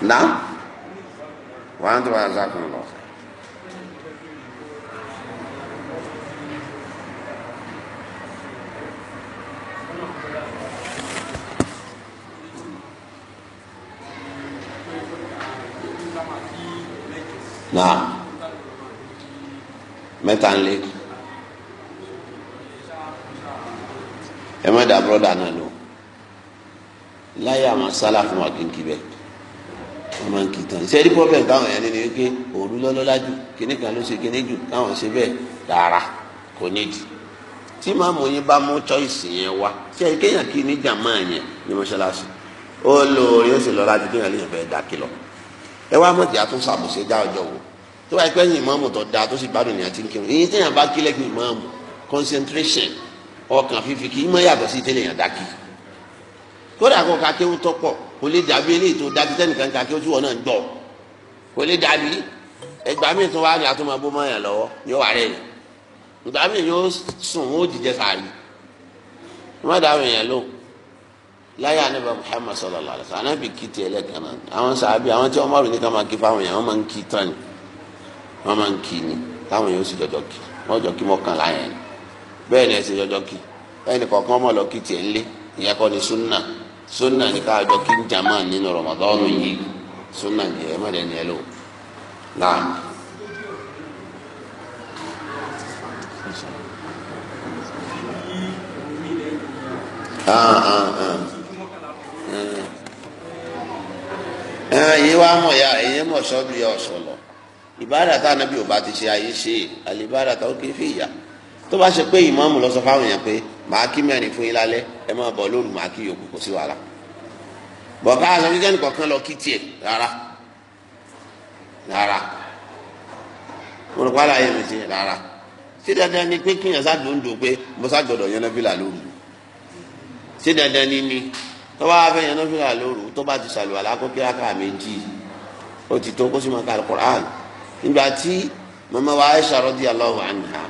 A: nà wàá tó wàá zákùn lọ. naa mẹ́ta ń lé ẹ má dà bọ́dà náà lọ láyé àwọn sálà fún wa kìnkìn bẹ́ẹ̀ wọn máa ń kì í tán ìṣe rí problem táwọn èèyàn nínú wípé òru lọ́lọ́lá jù kíní kan ló ṣe kíní jù káwọn ṣe bẹ́ẹ̀ rárá kò nídìí tí màmú yín bá mú choice yẹn wá ṣe é kéèyàn kí ní jàmá yẹn ní mọ́ṣáláṣí ó lo orí ó sì lọ́lá jù kéèyàn lè fẹ́ dá kìlọ̀ ẹ wá mọ̀tì àtúnṣàbùṣe dá ọjọ́ wo tó wáyé pé yín mọ́mù tó da tó sì bá kílẹ̀ kí mọ́mù concentration ọkàn fífi kí mọ́ yàtọ̀ sí téèyàn dá kí kódà kó ka kò lè dàbí eléyìí tó dàbí tẹnìkan kàkí ojú wọn náà ń gbọ́ kò lè dàbí ẹgbàá mi tún wá ní àtúmọ̀ bó mọ̀ yàn lọ́wọ́ yóò wà rẹ̀ yìí ìgbà mi yóò sùn ó jìjẹ sàárì wọ́n dà wọ̀ yẹn lò láyé anábà Muhammad sallallahu alaihi wasallam anábì kì í tiẹ̀ lẹ́ẹ̀kan náà àwọn sàábì àwọn tí wọ́n máa rò ní ká máa kí fáwọn yẹn wọ́n máa ń kí tán ni wọ́n máa ń kí ni táwọn yẹn sì jọjọ kí wọ́n jọ kí mọ́kànlá yẹn bẹ́ẹ̀ ni ẹ jọjọ kí ẹnì kọ̀ọ̀kan ọmọ lọ kí tiẹ̀ ńlé ìyẹn kọ́ ni sunnah sunna ni ká jọ kí n jama nínú rọmọdọ́nù yìí sunna ni ẹ má dẹni ẹ lò naam. èyí ah, ah, ah. eh, eh, wá mọ̀ ya èyí mọ̀ sọ́bìrì ọ̀sọ̀ lọ ìbáàdà tá ànábì ò bá ti ṣe àyè ṣe àlè ìbáàdà ó ké fìyà tó bá ṣe pé ìmáàmù lọ sọ fáwọn èèyàn pé màá kí mẹ́rin fún yín lálẹ́ ẹ máa bọ̀ lóru màá kí yòókù kò sí wàhálà bọ̀ ká aṣọ kíkẹ́ nìkan kan lọ kí tiẹ̀ rárá rárá mo rò pàlà ayé mi ti rárá ṣé dandan ni pé kíyàn ṣàdóńdó pé mo ṣàgbọ̀dọ̀ yẹn náà fìlà lóru ṣé dandan ni ni tó bá fẹ́ yẹn náà fìlà lóru tó bá ti ṣàlùwà lákòókè àká méjì ó ti tó kó sì máa ka alukur'an nígbà tí mama wa Aisha radiyallahu anha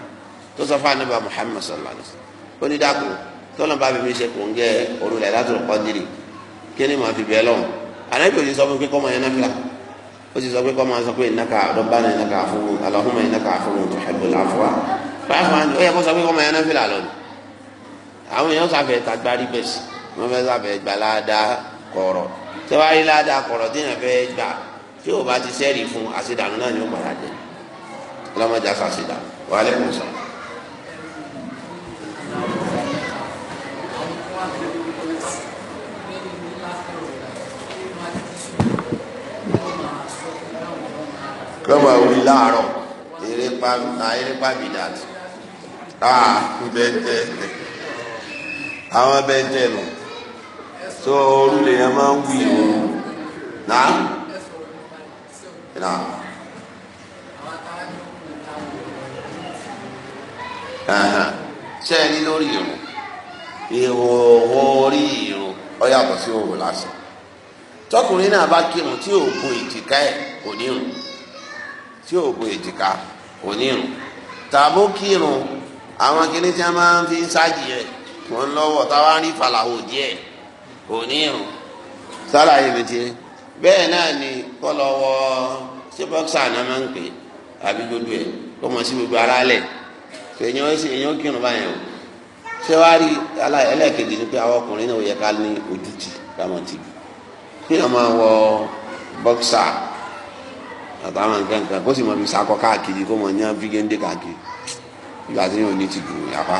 A: tó sọ fún anabi Muhammad sallallahu alaihi wa sallam onídàkùn tọ́lọ́n bá bèbè ṣe kò ń gẹ òrùlé látòrò kọ́ndìrì kí ni màá fi bẹ́ẹ̀ lọ́wọ́ ànábì òsì sọ fún pé kọ́ máa yẹn náfìlà ó sì sọ pé kọ́ máa sọ pé ìnáka rabbana ìnáka àfọwọ́ Allahumma ìnáka àfọwọ́ tuhibbul afwa pàápàá ó yẹ kó sọ pé kọ́ máa yẹn náfìlà lọ ni àwọn èèyàn sàfẹ́ tagbárí bẹ́sì wọ́n fẹ́ sàfẹ́ gbà ládàá kọ̀rọ̀ tẹ́wárí ládàá kọ̀rọ̀ téèyàn fẹ́ gbà yóò máa wí láàárọ̀ erépa erépa bìdàtì aa bẹ́ńtẹ́ àwọn bẹ́ńtẹ́ nù tó orú lèèyàn máa ń wí o náà náà. ṣé ẹ ní lórí irun ìhòòhò orí irun ó yàtọ̀ sí òhò lásán tọkùnrin náà bá kírun tí òògùn ìtìká ẹ̀ kò ní irun tí ò bo èjìká kò ní irun tàbó kírun àwọn kinní tí a máa ń fi ṣáàjì rẹ kò ń lọ́wọ́ táwa ń rí fàlàwò díẹ̀ kò ní irun sálàyé mi ti bẹ́ẹ̀ náà ni kọ́ lọ wọ ṣé bọ́ksà náà máa ń pè àbí gbogbo ẹ̀ kó mọ̀ sí gbogbo ara lẹ̀ èèyàn èèyàn kírun báyẹn o ṣé wàá rí ẹlẹ́ẹ̀kejì ni pé àwọn ọkùnrin náà yẹ ká ní ojútì kí wọ́n máa wọ bọ́ksà. àtàwọn nǹkan kan kó sì mọ fi sakọ káàkiri kó mọ yán fígéńdé káàkiri ìgbà tí yóò ní ti dùn yàrá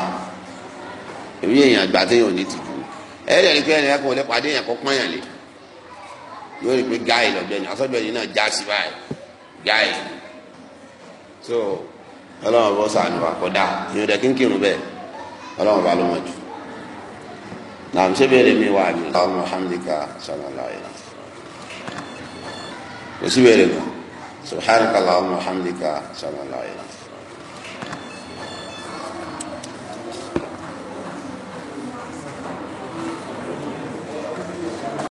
A: èmi èèyàn ìgbà tí yóò ní ti dùn ẹ lè pé ẹnì kan lè pàdé èèyàn kó pọ́nyàn lé yóò rí pé gáì lọ́gbẹ́ni asọ́gbẹ́ni náà já sí báyìí gáì so ọlọ́run bọ́ sànù àkọ́dá dẹ̀ kínkìrún bẹ́ẹ̀ ọlọ́run bá ló mọ̀ jù mi wà ní. kò subhanaka allahumma wa hamdika sallallahu